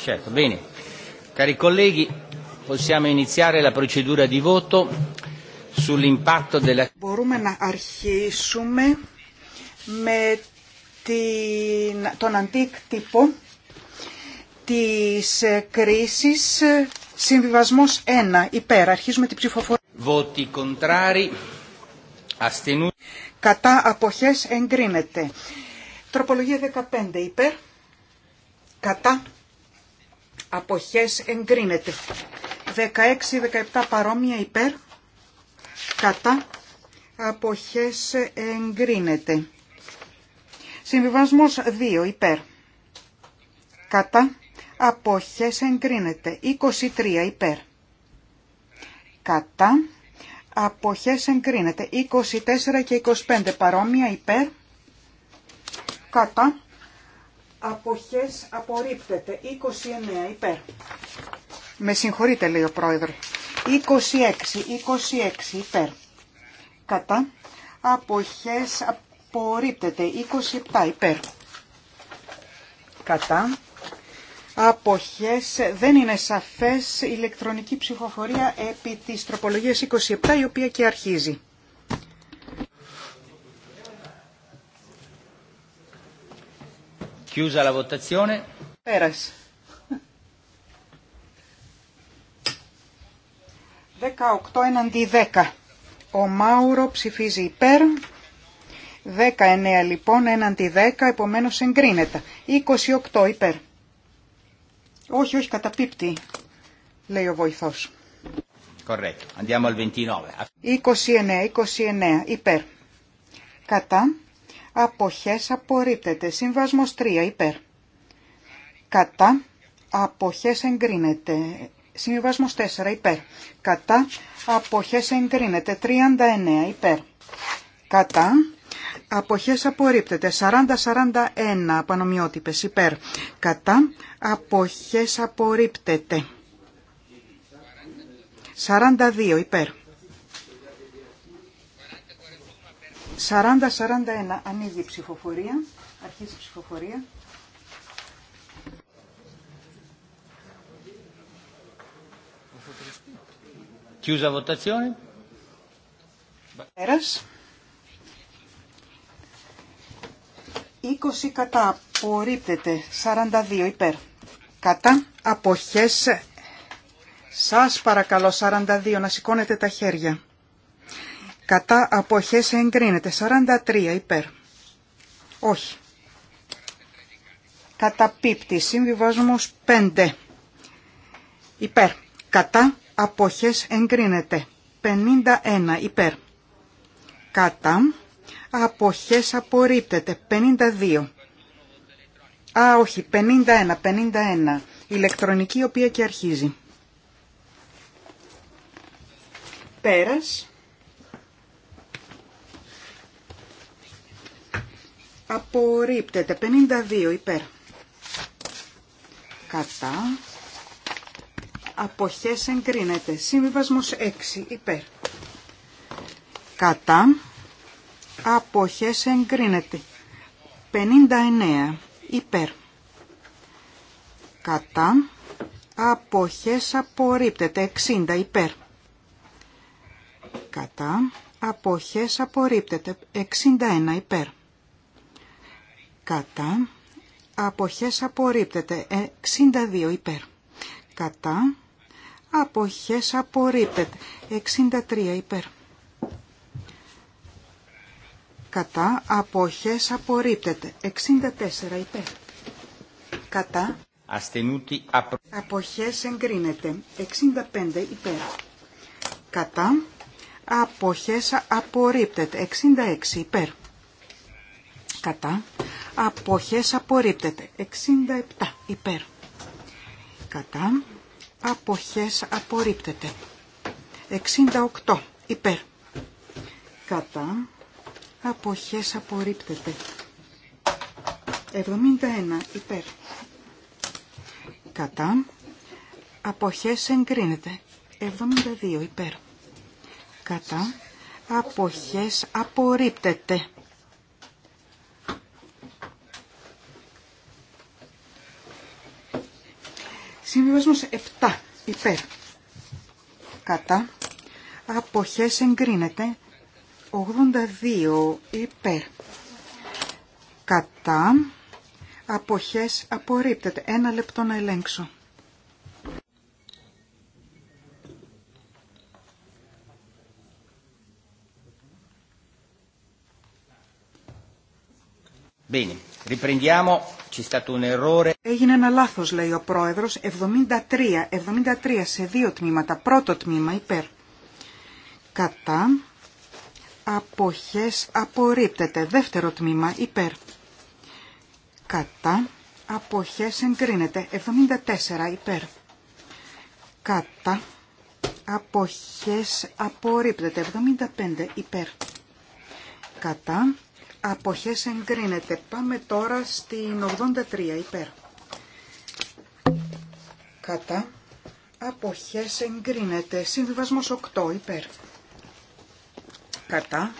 Certo, bene. Cari colleghi, possiamo iniziare la procedura di voto sull'impatto della... Μπορούμε να αρχίσουμε με την, τον αντίκτυπο της κρίσης συμβιβασμός 1 υπέρ. Αρχίζουμε την ψηφοφορία. Βότι κοντράρι, Κατά αποχές εγκρίνεται. Τροπολογία 15 υπέρ κατά αποχές εγκρίνεται. 16-17 παρόμοια υπέρ κατά αποχές εγκρίνεται. Συμβιβασμός 2 υπέρ κατά αποχές εγκρίνεται. 23 υπέρ κατά αποχές εγκρίνεται. 24 και 25 παρόμοια υπέρ κατά αποχές απορρίπτεται. 29 υπέρ. Με συγχωρείτε λέει ο πρόεδρος. 26, 26 υπέρ. Κατά αποχές απορρίπτεται. 27 υπέρ. Κατά αποχές δεν είναι σαφές ηλεκτρονική ψηφοφορία επί της τροπολογίας 27 η οποία και αρχίζει. Chiusa Πέρασε. 18 εναντί 10. Ο Μάουρο ψηφίζει υπέρ. 19 λοιπόν εναντί 10, επομένως εγκρίνεται. 28 υπέρ. Όχι, όχι, καταπίπτει, λέει ο βοηθός. 29. 29, 29 υπέρ. Κατά αποχές απορρίπτεται. Συμβασμός 3 υπέρ. Κατά αποχές εγκρίνεται. Συμβασμός 4 υπέρ. Κατά αποχές εγκρίνεται. 39 υπέρ. Κατά αποχές απορρίπτεται. 40-41 απανομοιότυπες. υπέρ. Κατά αποχές απορρίπτεται. 42 υπέρ. 40-41 ανοίγει η ψηφοφορία, αρχίζει η ψηφοφορία. Chiusa votazione. Πέρας. 20 κατά απορρίπτεται, 42 υπέρ. Κατά αποχές. Σας παρακαλώ 42 να σηκώνετε τα χέρια. Κατά αποχές εγκρίνεται. 43 υπέρ. Όχι. Κατά πίπτη. Συμβιβασμός 5. Υπέρ. Κατά αποχές εγκρίνεται. 51 υπέρ. Κατά αποχές απορρίπτεται. 52. Α, όχι. 51. 51. Ηλεκτρονική, η οποία και αρχίζει. Πέρας. Απορρίπτεται. 52 υπέρ. Κατά. Αποχές εγκρίνεται. Συμβιβασμός 6 υπέρ. Κατά. Αποχές εγκρίνεται. 59 υπέρ. Κατά. Αποχές απορρίπτεται. 60 υπέρ. Κατά. Αποχές απορρίπτεται. 61 υπέρ κατά, αποχές απορρίπτεται, 62 ε, υπέρ, κατά, αποχές απορρίπτεται, 63 υπέρ, κατά, αποχές απορρίπτεται, 64 υπέρ, κατά, Ασθενούτη απο... Αποχές εγκρίνεται. 65 υπέρ. Κατά. Αποχές απορρίπτεται. 66 υπέρ. Κατά αποχές απορρίπτεται. 67 υπέρ. Κατά αποχές απορρίπτεται. 68 υπέρ. Κατά αποχές απορρίπτεται. 71 υπέρ. Κατά αποχές εγκρίνεται. 72 υπέρ. Κατά αποχές απορρίπτεται. Συμβιβασμός 7 υπέρ κατά αποχές εγκρίνεται 82 υπέρ κατά αποχές απορρίπτεται. Ένα λεπτό να ελέγξω. Bene, riprendiamo Έγινε ένα λάθο, λέει ο πρόεδρο. 73, 73 σε δύο τμήματα. Πρώτο τμήμα υπέρ. Κατά. Αποχές απορρίπτεται. Δεύτερο τμήμα υπέρ. Κατά. Αποχές εγκρίνεται. 74 υπέρ. Κατά. Αποχές απορρίπτεται. 75 υπέρ. Κατά. Αποχές εγκρίνεται. Πάμε τώρα στην 83 υπέρ. Κατά. Αποχές εγκρίνεται. Συμβιβασμός 8 υπέρ. Κατά.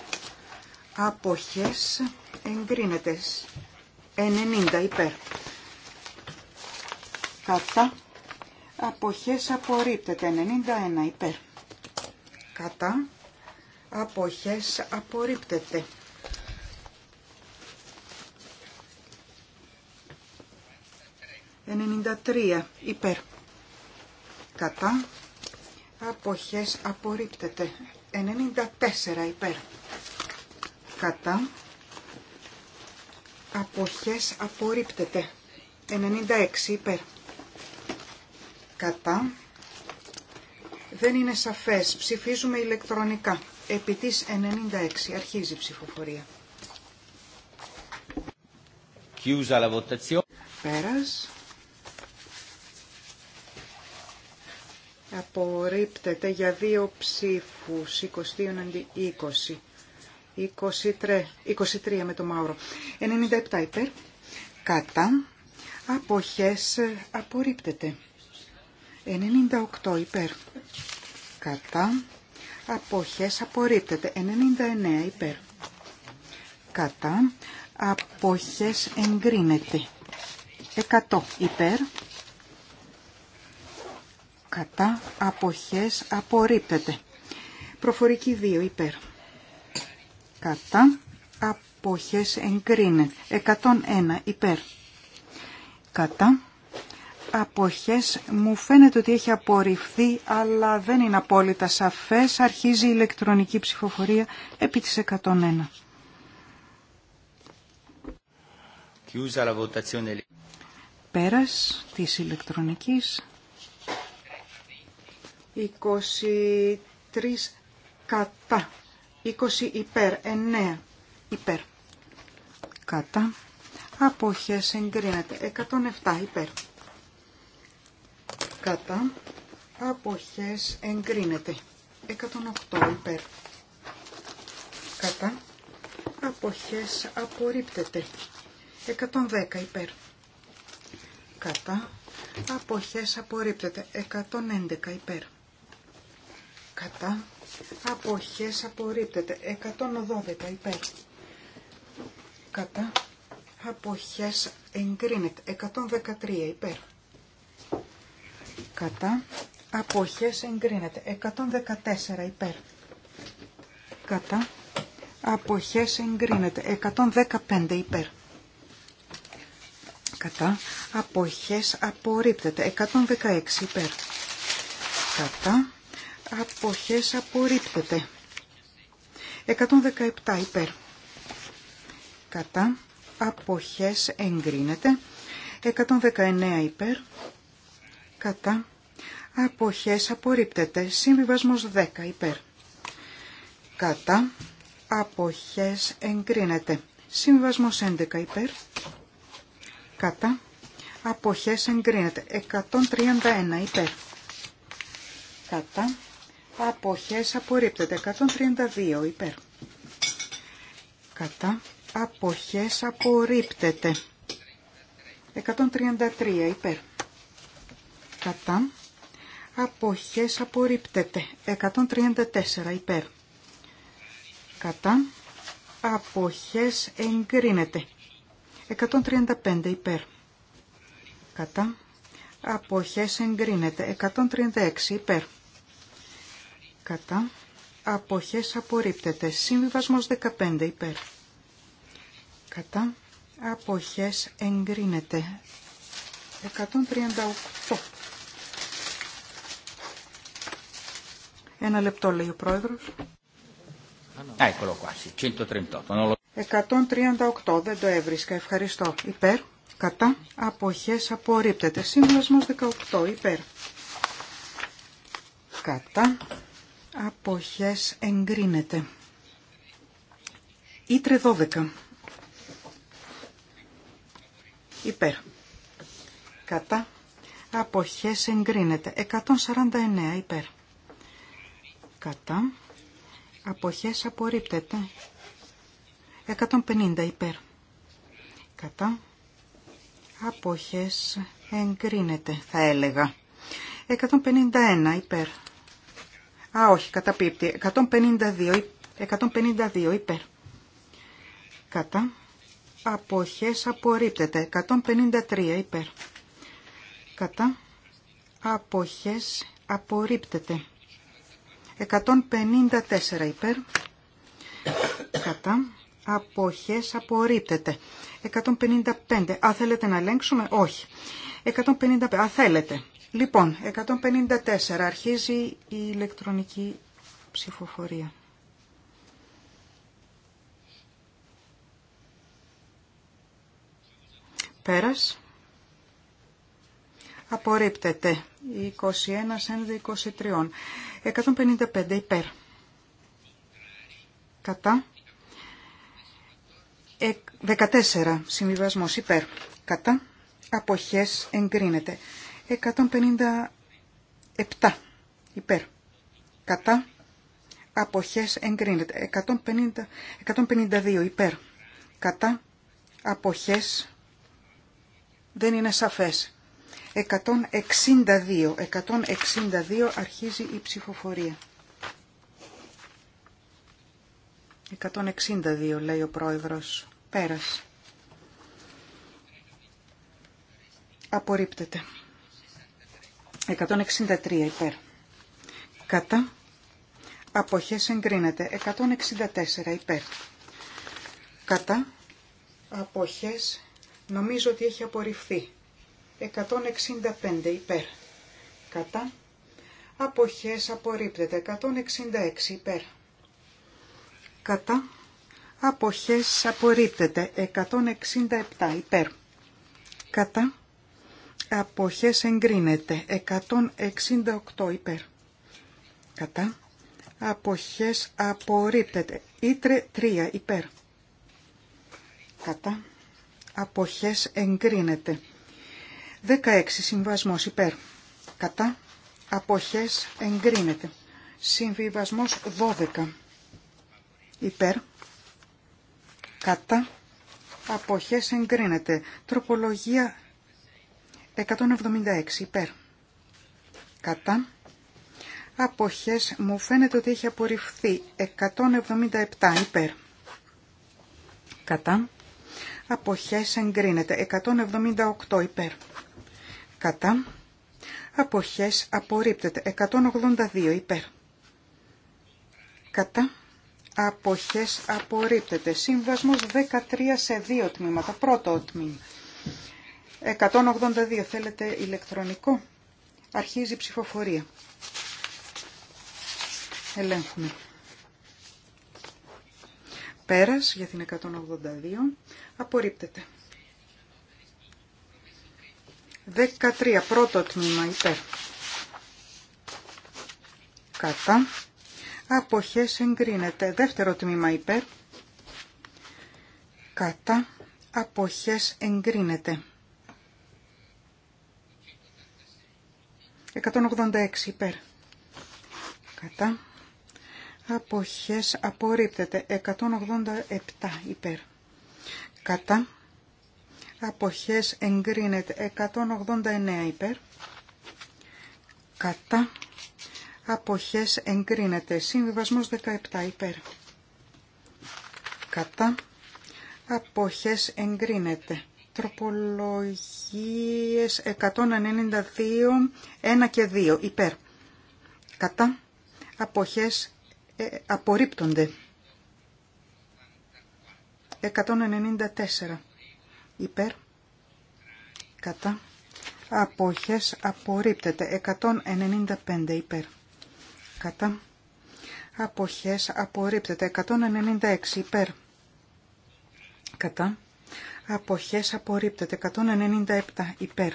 Αποχές εγκρίνεται. 90 υπέρ. Κατά. Αποχές απορρίπτεται. 91 υπέρ. Κατά. Αποχές απορρίπτεται. 33 υπέρ. Κατά. Αποχές απορρίπτεται. 94 υπέρ. Κατά. Αποχές απορρίπτεται. 96 υπέρ. Κατά. Δεν είναι σαφές. Ψηφίζουμε ηλεκτρονικά. Επί της 96 αρχίζει η ψηφοφορία. Chiusa Πέρας. Απορρίπτεται για δύο ψήφους, 22 αντί 20. 23, με το μαύρο, 97 υπέρ. Κατά. Αποχές απορρίπτεται. 98 υπέρ. Κατά. Αποχές απορρίπτεται. 99 υπέρ. Κατά. Αποχές εγκρίνεται. 100 υπέρ κατά αποχές απορρίπτεται. Προφορική 2 υπέρ. Κατά αποχές εγκρίνεται. 101 υπέρ. Κατά αποχές μου φαίνεται ότι έχει απορριφθεί αλλά δεν είναι απόλυτα σαφές. Αρχίζει η ηλεκτρονική ψηφοφορία επί της 101. Πέρας της ηλεκτρονικής 23 κατά, 20 υπέρ, 9 υπέρ, κατά, απόχες εγκρίνεται, 107 υπέρ, κατά, απόχες εγκρίνεται, 108 υπέρ, κατά, απόχες απορρίπτεται, 110 υπέρ, κατά, απόχες απορρίπτεται, 111 υπέρ κατά αποχές απορρίπτεται 112 υπέρ κατά αποχές εγκρίνεται 113 υπέρ κατά αποχές εγκρίνεται 114 υπέρ κατά αποχές εγκρίνεται 115 υπέρ κατά αποχές απορρίπτεται 116 υπέρ κατά αποχές απορρίπτεται. 117 υπέρ. Κατά αποχές εγκρίνεται. 119 υπέρ. Κατά αποχές απορρίπτεται. Συμβιβασμός 10 υπέρ. Κατά αποχές εγκρίνεται. Συμβιβασμός 11 υπέρ. Κατά αποχές εγκρίνεται. 131 υπέρ. Κατά αποχές απορρίπτεται 132 υπέρ κατά αποχές απορρίπτεται 133 υπέρ κατά αποχές απορρίπτεται 134 υπέρ κατά αποχές εγκρίνεται 135 υπέρ κατά αποχές εγκρίνεται 136 υπέρ κατά, αποχές απορρίπτεται. Συμβιβασμός 15 υπέρ, κατά, αποχές εγκρίνεται. 138. Ένα λεπτό λέει ο πρόεδρος. 138. Δεν το έβρισκα. Ευχαριστώ. Υπέρ. Κατά. Αποχές απορρίπτεται. Σύμβασμος 18. Υπέρ. Κατά. Αποχές εγκρίνεται. Ήτρε 12. Υπέρ. Κατά. Αποχές εγκρίνεται. 149 υπέρ. Κατά. Αποχές απορρίπτεται. 150 υπέρ. Κατά. Αποχές εγκρίνεται θα έλεγα. 151 υπέρ. Α, όχι, καταπίπτει. 152, 152 υπέρ. Κατά. Αποχές απορρίπτεται. 153 υπέρ. Κατά. Αποχές απορρίπτεται. 154 υπέρ. Κατά. Αποχές απορρίπτεται. 155. Α, θέλετε να ελέγξουμε. Όχι. 155. Α, θέλετε. Λοιπόν, 154. Αρχίζει η ηλεκτρονική ψηφοφορία. Πέρας. Απορρίπτεται. 21 ένδυ 23. 155 υπέρ. Κατά. 14. Συμβιβασμός υπέρ. Κατά. Αποχές εγκρίνεται. 157 υπέρ. Κατά αποχές εγκρίνεται. 150, 152 υπέρ. Κατά αποχές δεν είναι σαφές. 162. 162 αρχίζει η ψηφοφορία. 162 λέει ο πρόεδρος. πέρασε Απορρίπτεται. 163 υπέρ. Κατά. Αποχές εγκρίνεται. 164 υπέρ. Κατά. Αποχές νομίζω ότι έχει απορριφθεί. 165 υπέρ. Κατά. Αποχές απορρίπτεται. 166 υπέρ. Κατά. Αποχές απορρίπτεται. 167 υπέρ. Κατά αποχές εγκρίνεται 168 υπέρ κατά αποχές απορρίπτεται ήτρε 3 υπέρ κατά αποχές εγκρίνεται 16 συμβασμός υπέρ κατά αποχές εγκρίνεται συμβιβασμός 12 υπέρ κατά αποχές εγκρίνεται τροπολογία 176 υπέρ. Κατά. Αποχές μου φαίνεται ότι έχει απορριφθεί 177 υπέρ. Κατά. Αποχές εγκρίνεται 178 υπέρ. Κατά. Αποχές απορρίπτεται 182 υπέρ. Κατά. Αποχές απορρίπτεται. Σύμβασμος 13 σε 2 τμήματα. Πρώτο τμήμα. 182 θέλετε ηλεκτρονικό. Αρχίζει η ψηφοφορία. Ελέγχουμε. Πέρας για την 182. Απορρίπτεται. 13. Πρώτο τμήμα υπέρ. Κατά. Αποχές εγκρίνεται. Δεύτερο τμήμα υπέρ. Κατά. Αποχές εγκρίνεται. 186 υπέρ. Κατά. Αποχές απορρίπτεται. 187 υπέρ. Κατά. Αποχές εγκρίνεται. 189 υπέρ. Κατά. Αποχές εγκρίνεται. Συμβιβασμός 17 υπέρ. Κατά. Αποχές εγκρίνεται. Τροπολογίες 192, 1 και 2, υπέρ. Κατά αποχές ε, απορρίπτονται. 194, υπέρ. Κατά αποχές απορρίπτεται. 195, υπέρ. Κατά αποχές απορρίπτεται. 196, υπέρ. Κατά αποχές απορρίπτεται 197 υπέρ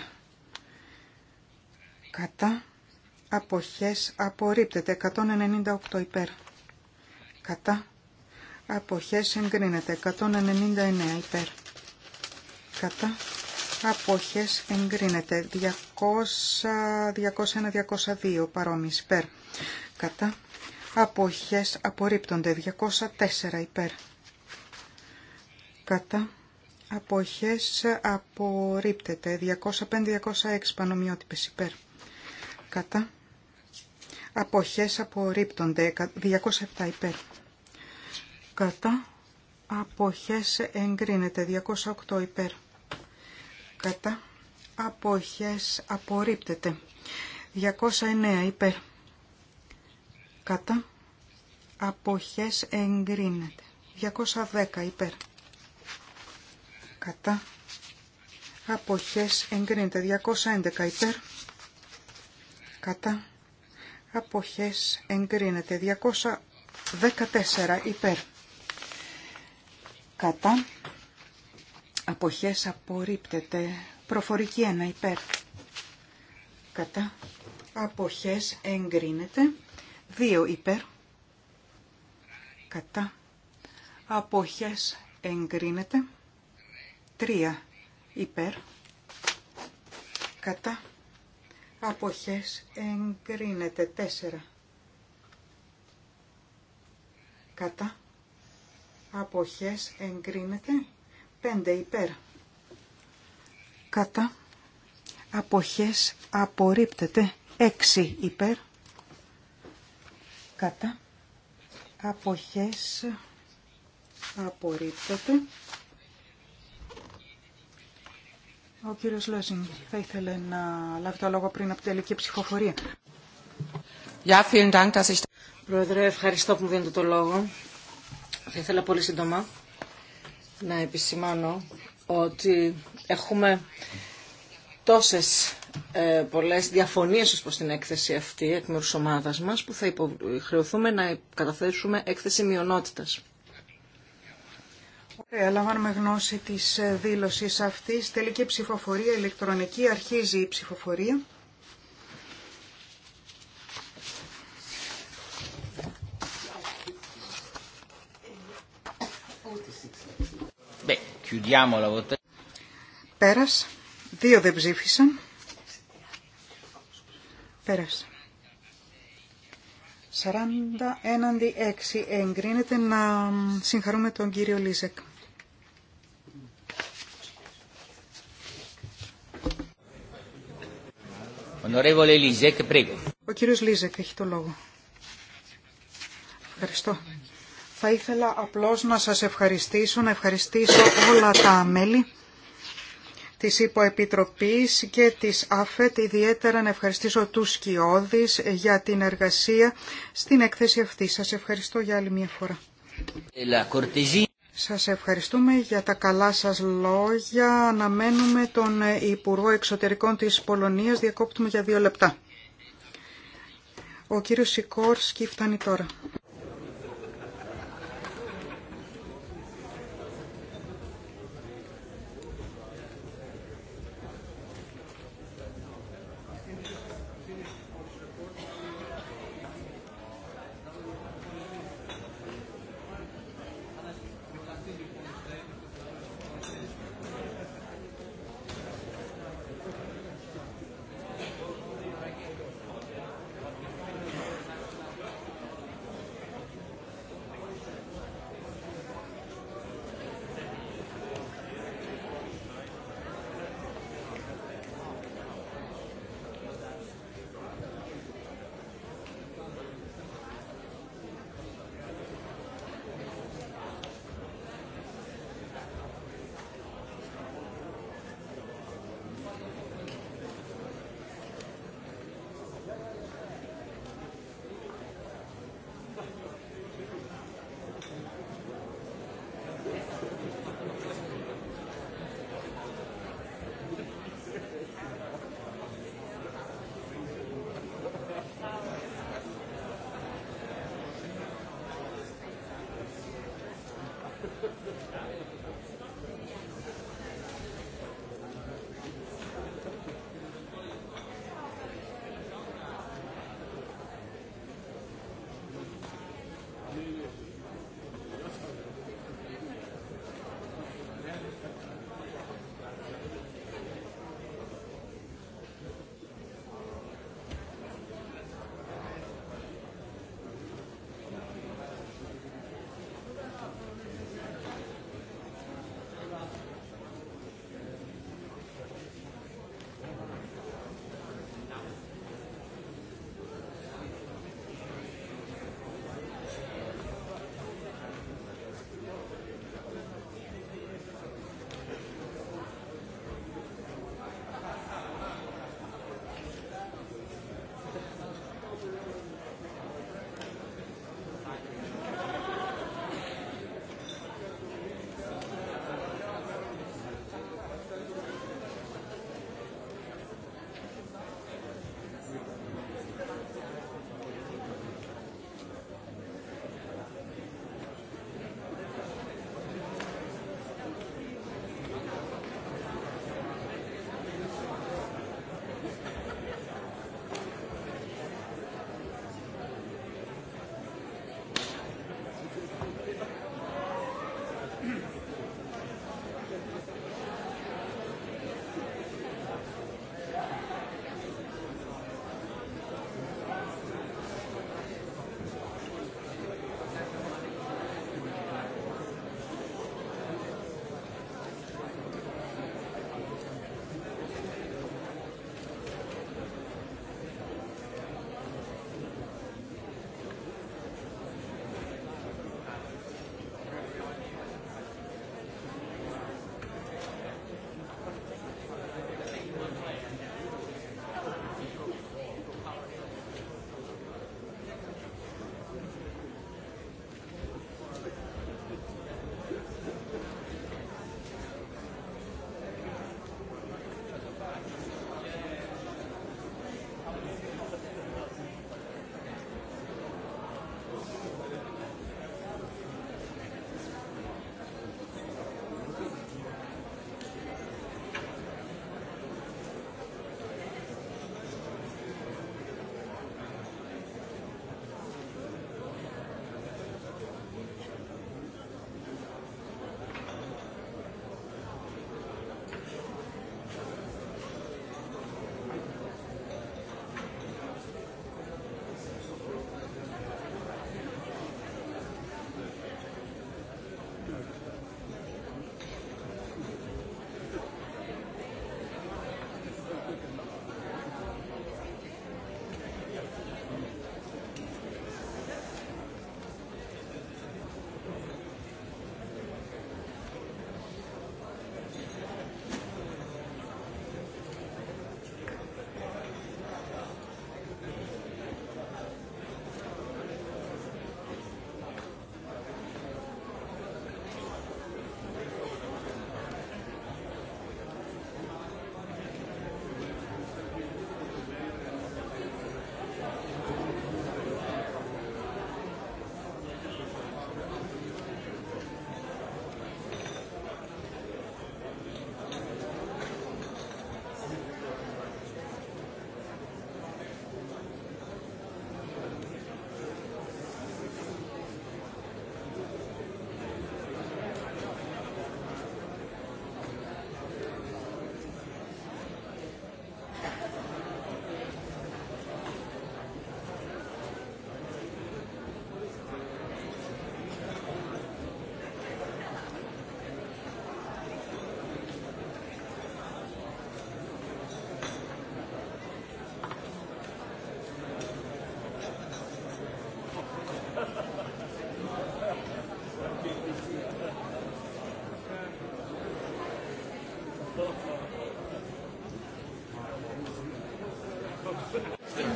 κατά αποχές απορρίπτεται 198 υπέρ κατά αποχές εγκρίνεται 199 υπέρ κατά αποχές εγκρίνεται 200, 201, 202 παρόμοιες υπέρ κατά αποχές απορρίπτονται 204 υπέρ κατά αποχές απορρίπτεται. 205-206 πανομοιότυπες υπέρ. Κατά. Αποχές απορρίπτονται. 207 υπέρ. Κατά. Αποχές εγκρίνεται. 208 υπέρ. Κατά. Αποχές απορρίπτεται. 209 υπέρ. Κατά. Αποχές εγκρίνεται. 210 υπέρ κατά αποχές εγκρίνεται 211 υπέρ κατά αποχές εγκρίνεται 214 υπέρ κατά αποχές απορρίπτεται προφορική 1 υπέρ κατά αποχές εγκρίνεται 2 υπέρ κατά αποχές εγκρίνεται 3 υπέρ κατά αποχές εγκρίνεται 4 κατά αποχές εγκρίνεται 5 υπέρ κατά αποχές απορρίπτεται 6 υπέρ κατά αποχές απορρίπτεται Ο κύριος Λόζιν θα ήθελε να λάβει το λόγο πριν από την τελική ψηφοφορία. Γεια, dass Πρόεδρε, ευχαριστώ που μου δίνετε το λόγο. Θα ήθελα πολύ σύντομα να επισημάνω ότι έχουμε τόσες ε, πολλές διαφωνίες ως προς την έκθεση αυτή εκ μέρους ομάδας μας που θα υποχρεωθούμε να καταθέσουμε έκθεση μειονότητας. Ωραία, ε, λαμβάνουμε γνώση της ε, δήλωσης αυτής. Τελική ψηφοφορία ηλεκτρονική. Αρχίζει η ψηφοφορία. Πέρας. Δύο δεν ψήφισαν. Πέρας. Σαράντα έναντι 6 εγκρίνεται να συγχαρούμε τον κύριο Λίζεκ. Ο κύριος Λίζεκ έχει το λόγο. Ευχαριστώ. Θα ήθελα απλώς να σας ευχαριστήσω, να ευχαριστήσω όλα τα μέλη της Υποεπιτροπής και της ΑΦΕΤ, ιδιαίτερα να ευχαριστήσω τους Σκιώδης για την εργασία στην έκθεση αυτή. Σας ευχαριστώ για άλλη μια φορά. Σας ευχαριστούμε για τα καλά σας λόγια. Αναμένουμε τον Υπουργό Εξωτερικών της Πολωνίας. Διακόπτουμε για δύο λεπτά. Ο κύριος Σικόρσκι φτάνει τώρα.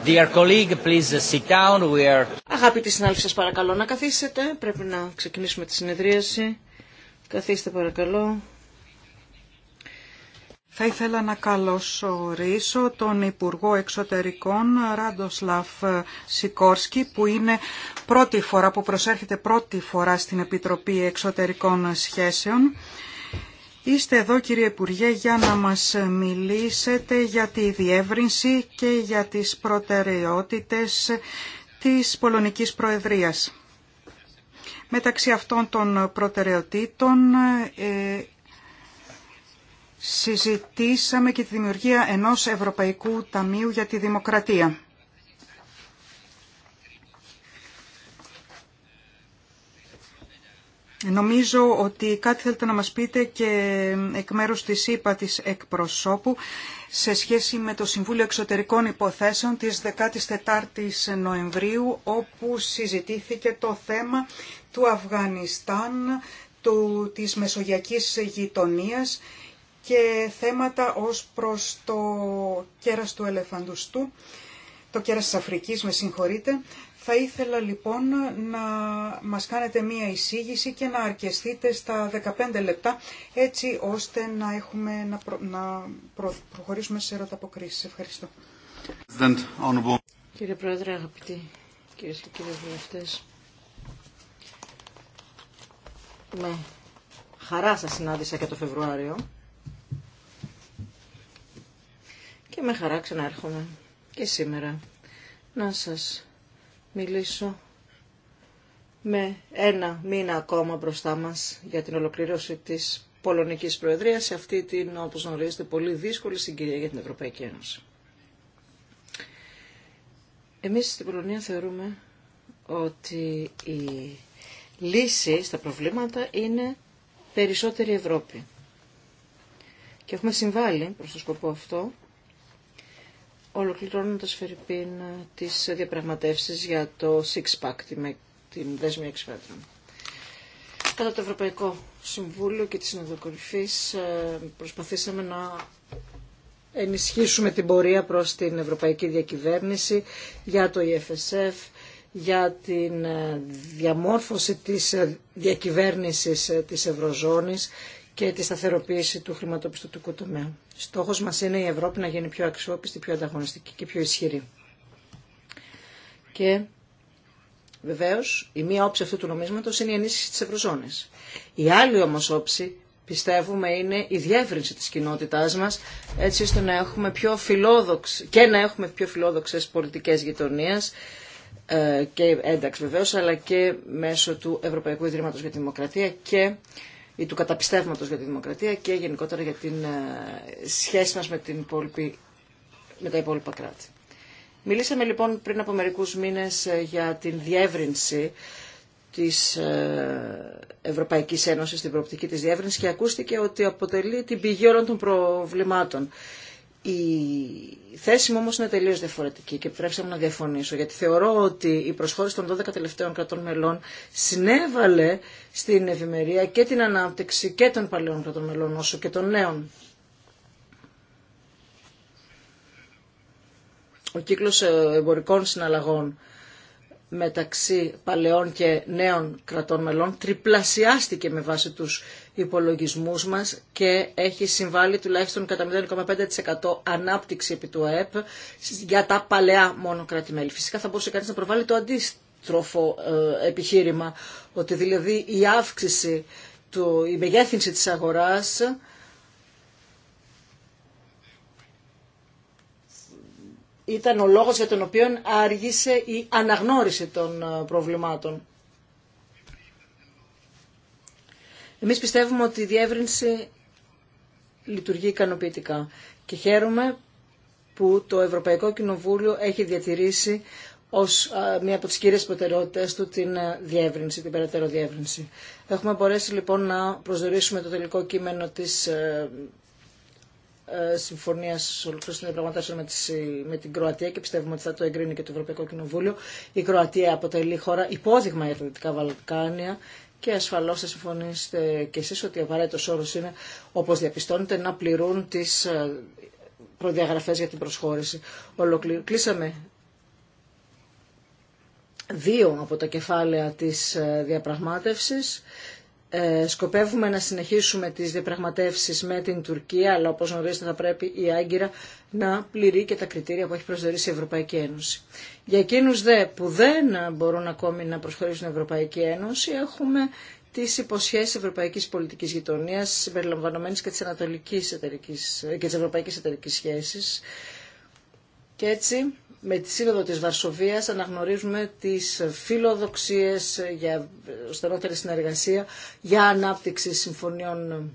Dear colleague, please sit down. We are... Αγαπητοί συνάδελφοι, σας παρακαλώ να καθίσετε. Πρέπει να ξεκινήσουμε τη συνεδρίαση. Καθίστε παρακαλώ. Θα ήθελα να καλωσορίσω τον Υπουργό Εξωτερικών Ράντοσλαφ Σικόρσκι που είναι πρώτη φορά που προσέρχεται πρώτη φορά στην Επιτροπή Εξωτερικών Σχέσεων Είστε εδώ κύριε Υπουργέ για να μας μιλήσετε για τη διεύρυνση και για τις προτεραιότητες της Πολωνικής Προεδρίας. Μεταξύ αυτών των προτεραιοτήτων ε, συζητήσαμε και τη δημιουργία ενός Ευρωπαϊκού Ταμείου για τη Δημοκρατία. Νομίζω ότι κάτι θέλετε να μας πείτε και εκ μέρους της είπα της εκπροσώπου σε σχέση με το Συμβούλιο Εξωτερικών Υποθέσεων της 14ης Νοεμβρίου όπου συζητήθηκε το θέμα του Αφγανιστάν, του, της Μεσογειακής Γειτονίας και θέματα ως προς το κέρας του ελεφαντουστού, το κέρας της Αφρικής, με συγχωρείτε, θα ήθελα λοιπόν να μας κάνετε μία εισήγηση και να αρκεστείτε στα 15 λεπτά έτσι ώστε να, έχουμε, να, να προχωρήσουμε σε αποκρίσει. Ευχαριστώ. Κύριε Πρόεδρε, αγαπητοί κύριε και κύριοι βουλευτές, με χαρά σας συνάντησα και το Φεβρουάριο και με χαρά ξαναέρχομαι και σήμερα να σας μιλήσω με ένα μήνα ακόμα μπροστά μας για την ολοκλήρωση της Πολωνικής Προεδρίας σε αυτή την, όπως γνωρίζετε, πολύ δύσκολη συγκυρία για την Ευρωπαϊκή Ένωση. Εμείς στην Πολωνία θεωρούμε ότι η λύση στα προβλήματα είναι περισσότερη Ευρώπη. Και έχουμε συμβάλει προς το σκοπό αυτό Ολοκληρώνοντα Φερρυπίν ε, τι διαπραγματεύσει για το Six Pack, την δέσμη εξφέτρων. Κατά το Ευρωπαϊκό Συμβούλιο και τη Συνοδοκορυφή ε, προσπαθήσαμε να ενισχύσουμε την πορεία προς την Ευρωπαϊκή Διακυβέρνηση για το EFSF, για την ε, διαμόρφωση της διακυβέρνησης της Ευρωζώνης και τη σταθεροποίηση του χρηματοπιστωτικού τομέα. Στόχος μας είναι η Ευρώπη να γίνει πιο αξιόπιστη, πιο ανταγωνιστική και πιο ισχυρή. Και βεβαίω, η μία όψη αυτού του νομίσματος είναι η ενίσχυση τη Ευρωζώνη. Η άλλη όμω όψη πιστεύουμε είναι η διεύρυνση της κοινότητάς μας έτσι ώστε να έχουμε πιο φιλόδοξ... και να έχουμε πιο φιλόδοξες πολιτικές γειτονίας ε, και ένταξη βεβαίως αλλά και μέσω του Ευρωπαϊκού Ιδρύματος για τη Δημοκρατία και ή του καταπιστεύματος για τη δημοκρατία και γενικότερα για την ε, σχέση μας με, την υπόλοιπη, με τα υπόλοιπα κράτη. Μιλήσαμε λοιπόν πριν από μερικούς μήνες ε, για την διεύρυνση της ε, Ευρωπαϊκής Ένωσης, την προοπτική της διεύρυνσης και ακούστηκε ότι αποτελεί την πηγή όλων των προβλημάτων. Η θέση μου όμως είναι τελείως διαφορετική και επιτρέψτε μου να διαφωνήσω γιατί θεωρώ ότι η προσχώρηση των 12 τελευταίων κρατών μελών συνέβαλε στην ευημερία και την ανάπτυξη και των παλαιών κρατών μελών όσο και των νέων. Ο κύκλος ε, εμπορικών συναλλαγών μεταξύ παλαιών και νέων κρατών μελών τριπλασιάστηκε με βάση τους υπολογισμού μας και έχει συμβάλει τουλάχιστον κατά 0,5% ανάπτυξη επί του ΑΕΠ για τα παλαιά μόνο κράτη-μέλη. Φυσικά θα μπορούσε κανείς να προβάλλει το αντίστροφο ε, επιχείρημα, ότι δηλαδή η αύξηση, η μεγέθυνση της αγοράς ήταν ο λόγος για τον οποίο άργησε η αναγνώριση των ε, προβλημάτων. Εμείς πιστεύουμε ότι η διεύρυνση λειτουργεί ικανοποιητικά και χαίρομαι που το Ευρωπαϊκό Κοινοβούλιο έχει διατηρήσει ως μία από τις κύριες προτεραιότητες του την διεύρυνση, την περαιτέρω διεύρυνση. Έχουμε μπορέσει λοιπόν να προσδιορίσουμε το τελικό κείμενο της ε, ε, συμφωνία ολοκλήρωση των με, ε, με, την Κροατία και πιστεύουμε ότι θα το εγκρίνει και το Ευρωπαϊκό Κοινοβούλιο. Η Κροατία αποτελεί χώρα υπόδειγμα για τα Δυτικά Βαλκάνια και ασφαλώς θα συμφωνήσετε και εσείς ότι ο απαραίτητος όρος είναι, όπως διαπιστώνετε, να πληρούν τις ε, προδιαγραφές για την προσχώρηση. Ολοκληρω... Κλείσαμε δύο από τα κεφάλαια της ε, διαπραγμάτευσης ε, σκοπεύουμε να συνεχίσουμε τις διαπραγματεύσεις με την Τουρκία, αλλά όπως γνωρίζετε θα πρέπει η Άγκυρα να πληρεί και τα κριτήρια που έχει προσδιορίσει η Ευρωπαϊκή Ένωση. Για εκείνους δε που δεν μπορούν ακόμη να προσχωρήσουν στην Ευρωπαϊκή Ένωση, έχουμε τις υποσχέσεις ευρωπαϊκής πολιτικής γειτονίας, συμπεριλαμβανομένης και της, ανατολικής εταιρικής, και της ευρωπαϊκής εταιρικής σχέσης. Και έτσι με τη Σύνοδο της Βαρσοβίας αναγνωρίζουμε τις φιλοδοξίες για στενότερη συνεργασία, για ανάπτυξη συμφωνιών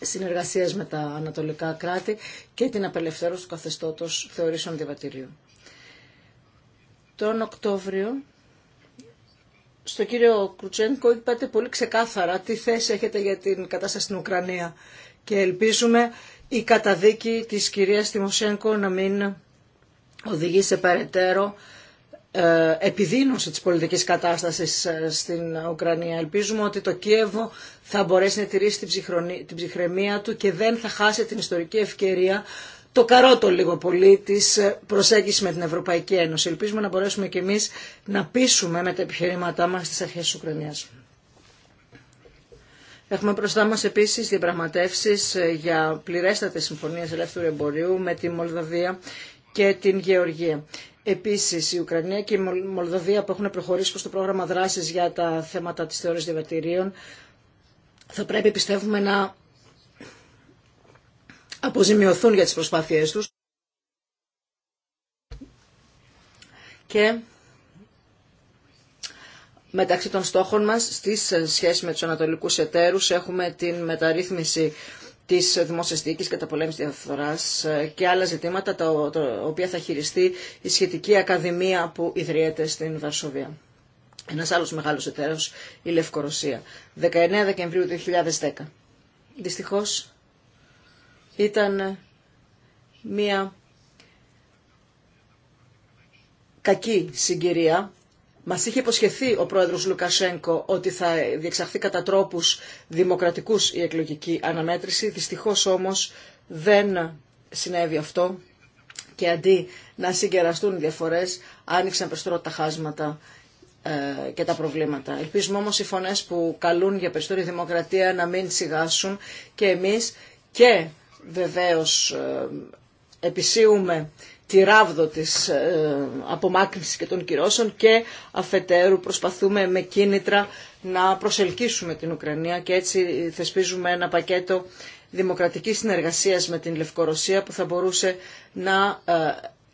συνεργασίας με τα ανατολικά κράτη και την απελευθέρωση του καθεστώτος θεωρήσεων διαβατηρίου. Τον Οκτώβριο, στο κύριο Κρουτσένκο είπατε πολύ ξεκάθαρα τι θέση έχετε για την κατάσταση στην Ουκρανία και ελπίζουμε η καταδίκη της κυρίας Τιμοσένκο να μην οδηγεί σε περαιτέρω ε, επιδείνωση της πολιτικής κατάστασης ε, στην Ουκρανία. Ελπίζουμε ότι το Κίεβο θα μπορέσει να τηρήσει την, ψυχρονή, την ψυχραιμία του και δεν θα χάσει την ιστορική ευκαιρία το καρότο λίγο πολύ τη ε, προσέγγιση με την Ευρωπαϊκή Ένωση. Ελπίζουμε να μπορέσουμε κι εμείς να πείσουμε με τα επιχειρήματά μας στις αρχές της Ουκρανίας. Έχουμε μπροστά μας επίσης διαπραγματεύσεις για πληρέστατες συμφωνίες ελεύθερου εμπορίου με τη Μολδαβία και την Γεωργία. Επίση, η Ουκρανία και η Μολδοβία που έχουν προχωρήσει προ το πρόγραμμα δράση για τα θέματα τη θεώρηση διαβατηρίων, θα πρέπει, πιστεύουμε, να αποζημιωθούν για τις προσπάθειές τους. Και μεταξύ των στόχων μας, στις ε, σχέσεις με τους ανατολικούς εταίρους, έχουμε την μεταρρύθμιση της δημόσιας κατά πολέμηση διαφθορά ε, και άλλα ζητήματα τα οποία θα χειριστεί η σχετική ακαδημία που ιδρύεται στην Βαρσοβία. Ένας άλλος μεγάλος εταίρο, η Λευκορωσία. 19 Δεκεμβρίου 2010. Δυστυχώ ήταν μία κακή συγκυρία Μα είχε υποσχεθεί ο πρόεδρο Λουκασέγκο ότι θα διεξαχθεί κατά τρόπου δημοκρατικού η εκλογική αναμέτρηση. Δυστυχώ όμω δεν συνέβη αυτό και αντί να συγκεραστούν οι διαφορέ, άνοιξαν περισσότερο τα χάσματα ε, και τα προβλήματα. Ελπίζουμε όμω οι φωνέ που καλούν για περισσότερη δημοκρατία να μην σιγάσουν και εμεί και βεβαίω ε, επισύουμε τη ράβδο της ε, απομάκρυνσης και των κυρώσεων και αφετέρου προσπαθούμε με κίνητρα να προσελκύσουμε την Ουκρανία και έτσι θεσπίζουμε ένα πακέτο δημοκρατικής συνεργασίας με την Λευκορωσία που θα μπορούσε να ε,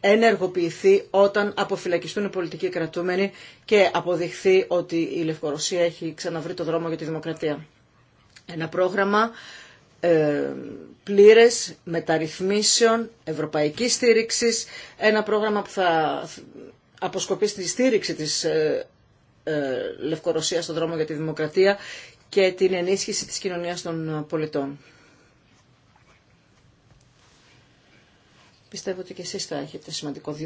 ενεργοποιηθεί όταν αποφυλακιστούν οι πολιτικοί κρατούμενοι και αποδειχθεί ότι η Λευκορωσία έχει ξαναβρει το δρόμο για τη δημοκρατία. Ένα πρόγραμμα ε, πλήρες μεταρρυθμίσεων, ευρωπαϊκής στήριξης, ένα πρόγραμμα που θα αποσκοπεί στη στήριξη της ε, ε, Λευκορωσίας στον δρόμο για τη δημοκρατία και την ενίσχυση της κοινωνίας των πολιτών. Πιστεύω ότι και εσείς θα έχετε σημαντικό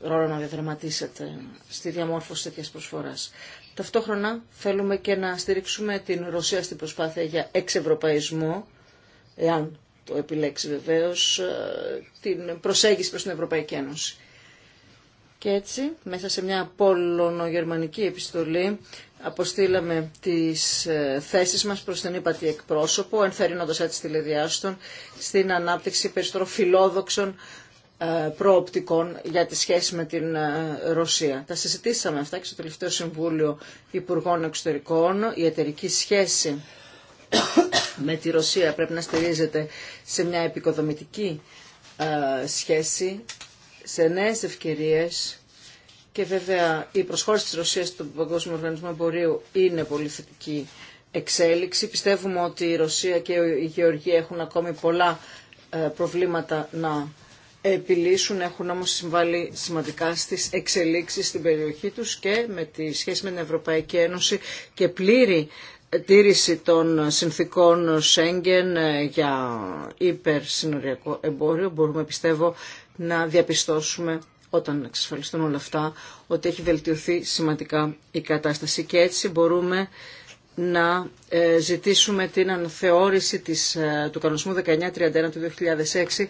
ρόλο να διαδραματίσετε στη διαμόρφωση τέτοια προσφοράς. Ταυτόχρονα θέλουμε και να στηρίξουμε την Ρωσία στην προσπάθεια για εξευρωπαϊσμό εάν το επιλέξει βεβαίως, ε, την προσέγγιση προς την Ευρωπαϊκή Ένωση. Και έτσι, μέσα σε μια πολωνογερμανική επιστολή, αποστήλαμε τις ε, θέσεις μας προς την ύπατη εκπρόσωπο, ενθαρρύνοντας έτσι τη Λεδιάστον, στην ανάπτυξη περισσότερο φιλόδοξων ε, προοπτικών για τη σχέση με την Ρωσία. Τα συζητήσαμε αυτά και στο τελευταίο Συμβούλιο Υπουργών Εξωτερικών, η εταιρική σχέση με τη Ρωσία πρέπει να στηρίζεται σε μια επικοδομητική ε, σχέση, σε νέες ευκαιρίες και βέβαια η προσχώρηση της Ρωσίας στον Παγκόσμιο Οργανισμό Εμπορίου είναι πολύ θετική εξέλιξη. Πιστεύουμε ότι η Ρωσία και η Γεωργία έχουν ακόμη πολλά ε, προβλήματα να επιλύσουν, έχουν όμως συμβάλει σημαντικά στις εξελίξεις στην περιοχή τους και με τη σχέση με την Ευρωπαϊκή Ένωση και πλήρη τήρηση των συνθήκων Σέγγεν ε, για υπερσυνοριακό εμπόριο μπορούμε πιστεύω να διαπιστώσουμε όταν εξασφαλιστούν όλα αυτά ότι έχει βελτιωθεί σημαντικά η κατάσταση και έτσι μπορούμε να ε, ζητήσουμε την αναθεώρηση της, ε, του κανονισμού 1931 του 2006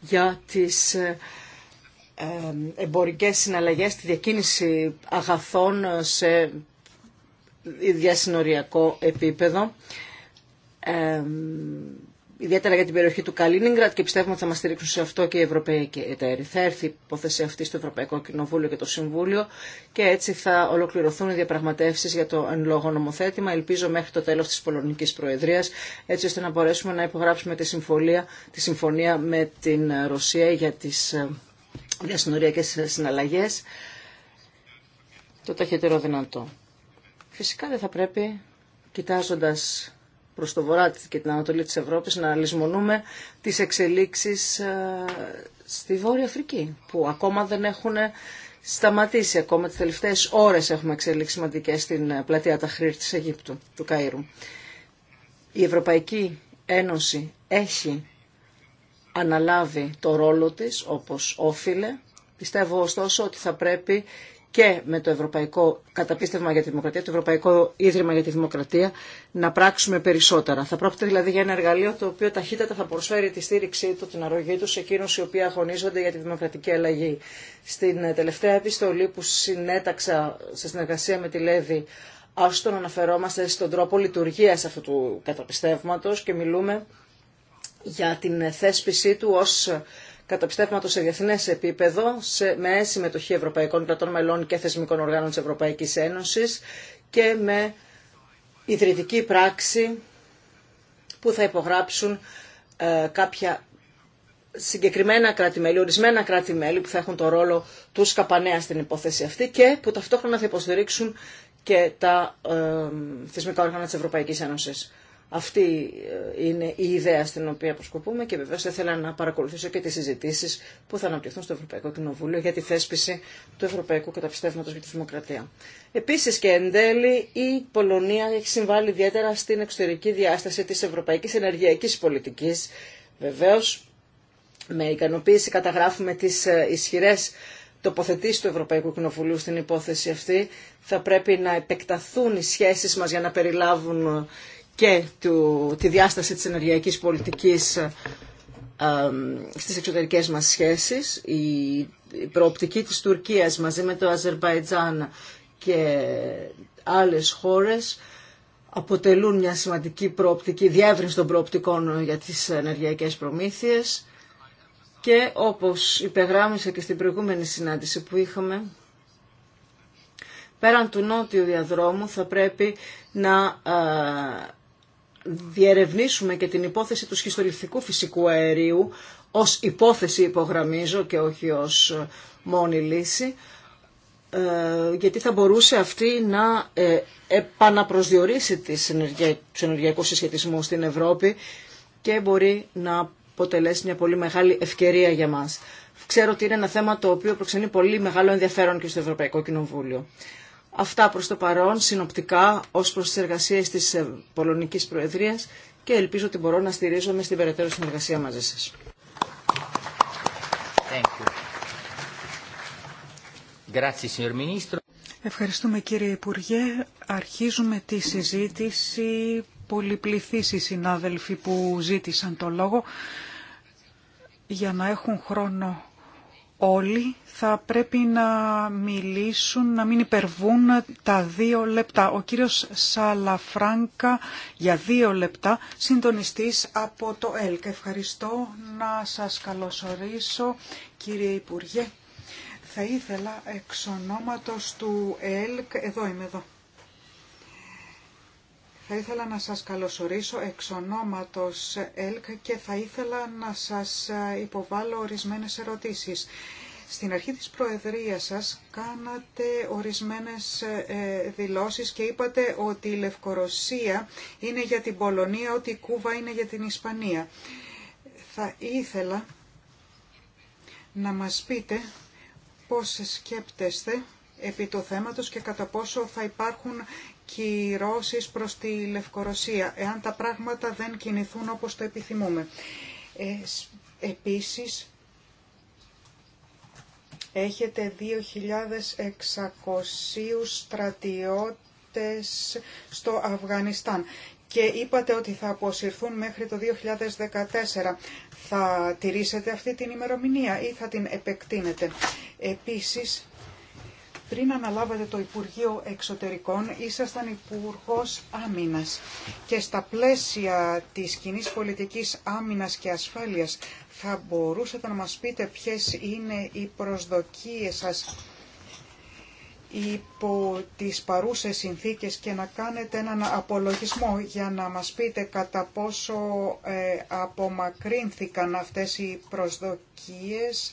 για τις εμπορικές συναλλαγές, τη διακίνηση αγαθών σε ε, διασυνοριακό επίπεδο. Ε, ιδιαίτερα για την περιοχή του Καλίνιγκρατ και πιστεύουμε ότι θα μα στηρίξουν σε αυτό και οι Ευρωπαίοι και εταίροι. Θα έρθει η υπόθεση αυτή στο Ευρωπαϊκό Κοινοβούλιο και το Συμβούλιο και έτσι θα ολοκληρωθούν οι διαπραγματεύσει για το εν λόγω νομοθέτημα, ελπίζω μέχρι το τέλο τη Πολωνική Προεδρία, έτσι ώστε να μπορέσουμε να υπογράψουμε τη συμφωνία, τη συμφωνία με την Ρωσία για τι ε, διασυνοριακέ συναλλαγέ το ταχύτερο δυνατό. Φυσικά δεν θα πρέπει, κοιτάζοντας προς το βορρά και την Ανατολή της Ευρώπης, να λησμονούμε τις εξελίξεις ε, στη Βόρεια Αφρική, που ακόμα δεν έχουν σταματήσει. Ακόμα τις τελευταίες ώρες έχουμε εξελίξει σημαντικέ στην ε, πλατεία Ταχρήρ της Αιγύπτου, του Καΐρου. Η Ευρωπαϊκή Ένωση έχει αναλάβει το ρόλο της όπως όφιλε. Πιστεύω ωστόσο ότι θα πρέπει και με το Ευρωπαϊκό Καταπίστευμα για τη Δημοκρατία, το Ευρωπαϊκό Ίδρυμα για τη Δημοκρατία, να πράξουμε περισσότερα. Θα πρόκειται δηλαδή για ένα εργαλείο το οποίο ταχύτατα θα προσφέρει τη στήριξή του, την αρρωγή του σε εκείνου οι οποίοι αγωνίζονται για τη δημοκρατική αλλαγή. Στην ε, τελευταία επιστολή που συνέταξα σε συνεργασία με τη Λέβη, άστον αναφερόμαστε στον τρόπο λειτουργία αυτού του καταπιστεύματο και μιλούμε για την θέσπιση του ως καταπιστεύματο σε διεθνέ επίπεδο σε, με συμμετοχή Ευρωπαϊκών Κρατών Μελών και Θεσμικών Οργάνων τη Ευρωπαϊκή Ένωση και με ιδρυτική πράξη που θα υπογράψουν ε, κάποια συγκεκριμένα κράτη-μέλη, ορισμένα κράτη-μέλη που θα έχουν το ρόλο του σκαπανέα στην υπόθεση αυτή και που ταυτόχρονα θα υποστηρίξουν και τα ε, θεσμικά όργανα της Ευρωπαϊκής Ένωσης. Αυτή ε, είναι η ιδέα στην οποία προσκοπούμε και βεβαίω ήθελα να παρακολουθήσω και τι συζητήσει που θα αναπτυχθούν στο Ευρωπαϊκό Κοινοβούλιο για τη θέσπιση του Ευρωπαϊκού Καταπιστεύματο για τη Δημοκρατία. Επίση και εν τέλει, η Πολωνία έχει συμβάλει ιδιαίτερα στην εξωτερική διάσταση τη ευρωπαϊκή ενεργειακή πολιτική. Βεβαίω, με ικανοποίηση καταγράφουμε τι ε, ισχυρέ τοποθετήσει του Ευρωπαϊκού Κοινοβουλίου στην υπόθεση αυτή. Θα πρέπει να επεκταθούν οι σχέσει μα για να περιλάβουν ε, και τη διάσταση της ενεργειακής πολιτικής στις εξωτερικές μας σχέσεις. Η προοπτική της Τουρκίας μαζί με το Αζερβαϊτζάν και άλλες χώρες αποτελούν μια σημαντική προοπτική, διεύρυνση των προοπτικών για τις ενεργειακές προμήθειες και όπως υπεγράμμισα και στην προηγούμενη συνάντηση που είχαμε, πέραν του νότιου διαδρόμου θα πρέπει να ε, διερευνήσουμε και την υπόθεση του σχιστολιθικού φυσικού αερίου ως υπόθεση υπογραμμίζω και όχι ως μόνη λύση ε, γιατί θα μπορούσε αυτή να ε, επαναπροσδιορίσει τις τους ενεργειακούς συσχετισμούς στην Ευρώπη και μπορεί να αποτελέσει μια πολύ μεγάλη ευκαιρία για μας. Ξέρω ότι είναι ένα θέμα το οποίο προξενεί πολύ μεγάλο ενδιαφέρον και στο Ευρωπαϊκό Κοινοβούλιο. Αυτά προς το παρόν, συνοπτικά, ως προς τις εργασίες της ε, Πολωνικής Προεδρίας και ελπίζω ότι μπορώ να στηρίζομαι στην περαιτέρω συνεργασία μαζί σας. Ευχαριστούμε κύριε Υπουργέ. Αρχίζουμε τη συζήτηση. Πολυπληθείς οι συνάδελφοι που ζήτησαν το λόγο για να έχουν χρόνο όλοι θα πρέπει να μιλήσουν, να μην υπερβούν τα δύο λεπτά. Ο κύριος Σαλαφράνκα για δύο λεπτά, συντονιστής από το ΕΛΚ. Ευχαριστώ να σας καλωσορίσω κύριε Υπουργέ. Θα ήθελα εξ ονόματος του ΕΛΚ, εδώ είμαι εδώ. Θα ήθελα να σας καλωσορίσω εξ ονόματος ΕΛΚ και θα ήθελα να σας υποβάλω ορισμένες ερωτήσεις. Στην αρχή της προεδρίας σας κάνατε ορισμένες ε, δηλώσεις και είπατε ότι η Λευκορωσία είναι για την Πολωνία, ότι η Κούβα είναι για την Ισπανία. Θα ήθελα να μας πείτε πώς σκέπτεστε επί του θέματος και κατά πόσο θα υπάρχουν κυρώσεις προς τη Λευκορωσία, εάν τα πράγματα δεν κινηθούν όπως το επιθυμούμε. Ε, επίσης, έχετε 2.600 στρατιώτες στο Αφγανιστάν και είπατε ότι θα αποσυρθούν μέχρι το 2014. Θα τηρήσετε αυτή την ημερομηνία ή θα την επεκτείνετε. Επίσης, πριν αναλάβατε το Υπουργείο Εξωτερικών ήσασταν υπουργό Άμυνας και στα πλαίσια της κοινή πολιτικής άμυνας και ασφάλειας θα μπορούσατε να μας πείτε ποιες είναι οι προσδοκίες σας υπό τις παρούσες συνθήκες και να κάνετε έναν απολογισμό για να μας πείτε κατά πόσο ε, απομακρύνθηκαν αυτές οι προσδοκίες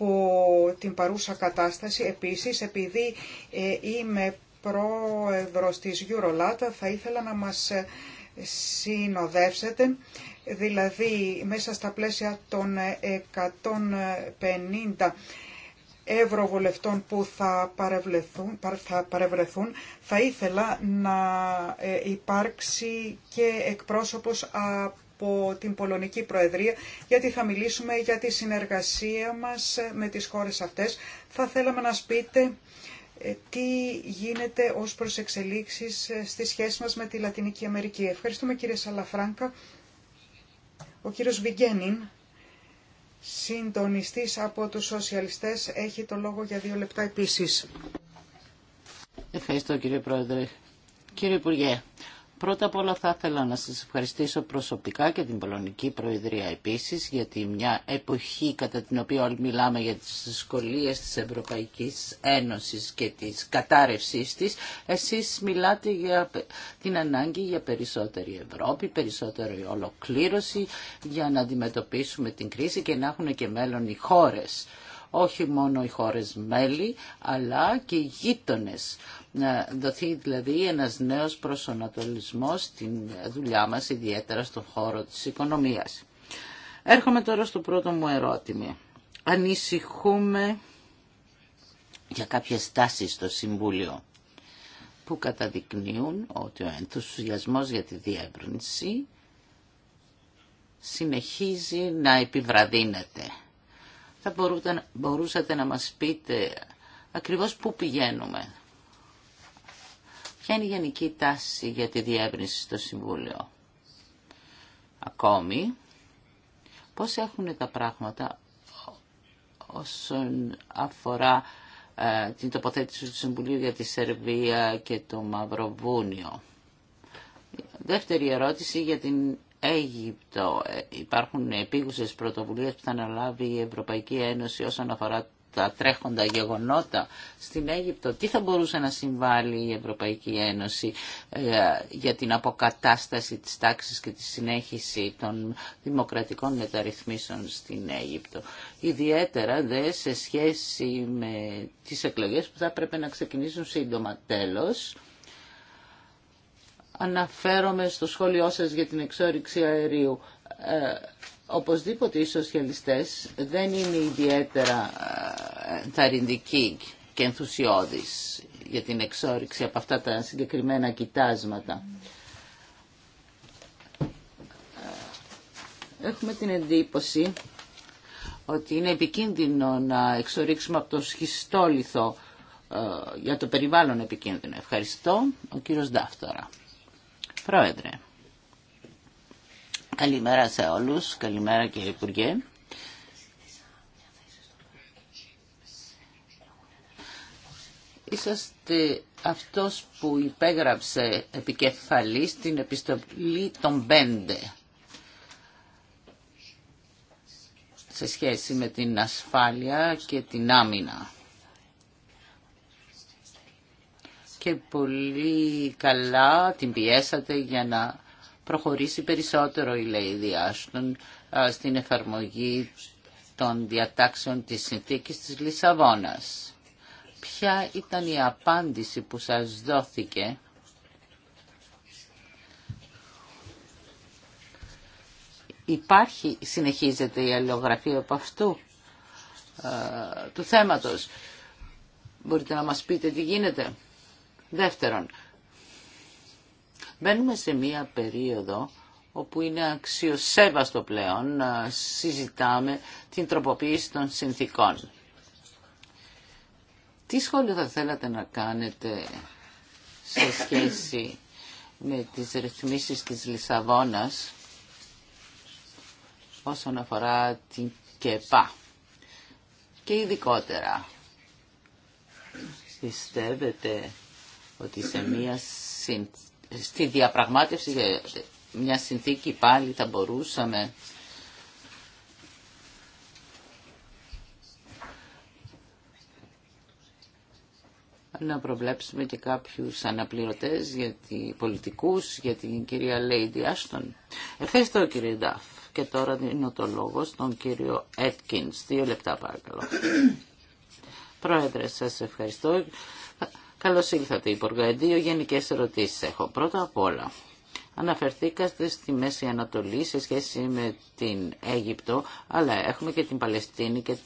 από την παρούσα κατάσταση. Επίσης, επειδή ε, είμαι πρόεδρος της Eurolat, θα ήθελα να μας ε, συνοδεύσετε, δηλαδή μέσα στα πλαίσια των 150 ευρωβουλευτών που θα παρευρεθούν, θα, ήθελα να ε, υπάρξει και εκπρόσωπος από από την Πολωνική Προεδρία, γιατί θα μιλήσουμε για τη συνεργασία μας με τις χώρες αυτές. Θα θέλαμε να σπείτε ε, τι γίνεται ως προς εξελίξεις ε, στη σχέση μας με τη Λατινική Αμερική. Ευχαριστούμε κύριε Σαλαφράνκα, Ο κύριος Βιγγένιν, συντονιστής από τους σοσιαλιστές, έχει το λόγο για δύο λεπτά επίσης. Ευχαριστώ κύριε Πρόεδρε. Κύριε Υπουργέ, Πρώτα απ' όλα θα ήθελα να σας ευχαριστήσω προσωπικά και την Πολωνική Προεδρία επίσης γιατί μια εποχή κατά την οποία όλοι μιλάμε για τις δυσκολίε της Ευρωπαϊκής Ένωσης και της κατάρρευσής της, εσείς μιλάτε για την ανάγκη για περισσότερη Ευρώπη, περισσότερη ολοκλήρωση για να αντιμετωπίσουμε την κρίση και να έχουν και μέλλον οι χώρες όχι μόνο οι χώρες μέλη, αλλά και οι γείτονες να δοθεί δηλαδή ένας νέος προσανατολισμός στην δουλειά μας, ιδιαίτερα στον χώρο της οικονομίας. Έρχομαι τώρα στο πρώτο μου ερώτημα. Ανησυχούμε για κάποιες τάσεις στο Συμβούλιο που καταδεικνύουν ότι ο ενθουσιασμός για τη διεύρυνση συνεχίζει να επιβραδύνεται. Θα μπορούσατε να μας πείτε ακριβώς πού πηγαίνουμε είναι η γενική τάση για τη διεύρυνση στο Συμβούλιο. Ακόμη, πώς έχουν τα πράγματα όσον αφορά ε, την τοποθέτηση του Συμβουλίου για τη Σερβία και το Μαυροβούνιο. Δεύτερη ερώτηση για την Αίγυπτο. Ε, υπάρχουν επίγουσες πρωτοβουλίες που θα αναλάβει η Ευρωπαϊκή Ένωση όσον αφορά τα τρέχοντα γεγονότα στην Αίγυπτο, τι θα μπορούσε να συμβάλλει η Ευρωπαϊκή Ένωση ε, για την αποκατάσταση της τάξης και τη συνέχιση των δημοκρατικών μεταρρυθμίσεων στην Αίγυπτο. Ιδιαίτερα δε σε σχέση με τις εκλογές που θα πρέπει να ξεκινήσουν σύντομα τέλος. Αναφέρομαι στο σχόλιο σας για την εξόριξη αερίου ε, Οπωσδήποτε οι σοσιαλιστές δεν είναι ιδιαίτερα ε, θαρρυντικοί και ενθουσιώδεις για την εξόριξη από αυτά τα συγκεκριμένα κοιτάσματα. Ε, έχουμε την εντύπωση ότι είναι επικίνδυνο να εξορίξουμε από το σχιστόλιθο ε, για το περιβάλλον επικίνδυνο. Ευχαριστώ. Ο κύριος Ντάφτορα. Πρόεδρε. Καλημέρα σε όλους. Καλημέρα κύριε Υπουργέ. Είσαστε αυτός που υπέγραψε επικεφαλή στην επιστολή των πέντε σε σχέση με την ασφάλεια και την άμυνα. Και πολύ καλά την πιέσατε για να προχωρήσει περισσότερο η Λέιδη Άστον στην εφαρμογή των διατάξεων της συνθήκης της Λισαβόνας. Ποια ήταν η απάντηση που σας δόθηκε Υπάρχει, συνεχίζεται η αλληλογραφία από αυτού του θέματος. Μπορείτε να μας πείτε τι γίνεται. Δεύτερον, Μπαίνουμε σε μία περίοδο όπου είναι αξιοσέβαστο πλέον να συζητάμε την τροποποίηση των συνθήκων. Τι σχόλιο θα θέλατε να κάνετε σε σχέση με τις ρυθμίσεις της Λισαβόνας όσον αφορά την ΚΕΠΑ και ειδικότερα. Πιστεύετε ότι σε μία συνθήκη στη διαπραγμάτευση για μια συνθήκη πάλι θα μπορούσαμε να προβλέψουμε και κάποιους αναπληρωτές για τη, πολιτικούς για την κυρία Λέιντι Άστον. Ευχαριστώ κύριε Ντάφ. Και τώρα δίνω το λόγο στον κύριο Έτκινς. Δύο λεπτά παρακαλώ. Πρόεδρε, σας ευχαριστώ. Καλώς ήλθατε, Υπουργέ. Δύο γενικές ερωτήσεις έχω. Πρώτα απ' όλα, αναφερθήκατε στη Μέση Ανατολή σε σχέση με την Αίγυπτο, αλλά έχουμε και την Παλαιστίνη και,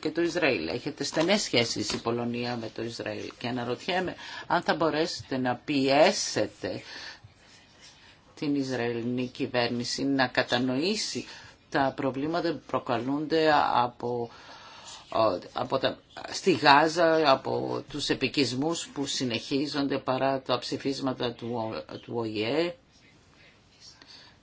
και το Ισραήλ. Έχετε στενές σχέσεις η Πολωνία με το Ισραήλ και αναρωτιέμαι αν θα μπορέσετε να πιέσετε την Ισραηλινή κυβέρνηση να κατανοήσει τα προβλήματα που προκαλούνται από από στη Γάζα από τους επικισμούς που συνεχίζονται παρά τα ψηφίσματα του, του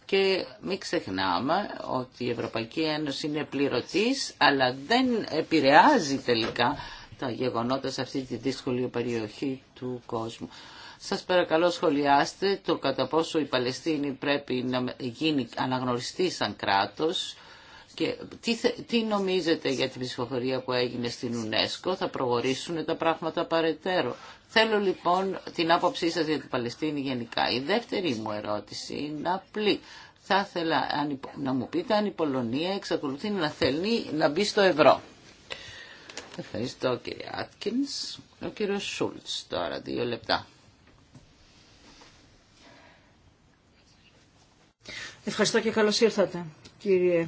και μην ξεχνάμε ότι η Ευρωπαϊκή Ένωση είναι πληρωτής αλλά δεν επηρεάζει τελικά τα γεγονότα σε αυτή τη δύσκολη περιοχή του κόσμου. Σας παρακαλώ σχολιάστε το κατά πόσο η Παλαιστίνη πρέπει να γίνει αναγνωριστή σαν κράτος και τι, τι νομίζετε για την ψηφοφορία που έγινε στην UNESCO, θα προχωρήσουν τα πράγματα παρετέρω. Θέλω λοιπόν την άποψή σας για την Παλαιστίνη γενικά. Η δεύτερη μου ερώτηση είναι απλή. Θα ήθελα να μου πείτε αν η Πολωνία εξακολουθεί να θέλει να μπει στο ευρώ. Ευχαριστώ κύριε Άτκινς. Ο κύριος Σούλτς τώρα, δύο λεπτά. Ευχαριστώ και καλώς ήρθατε κύριε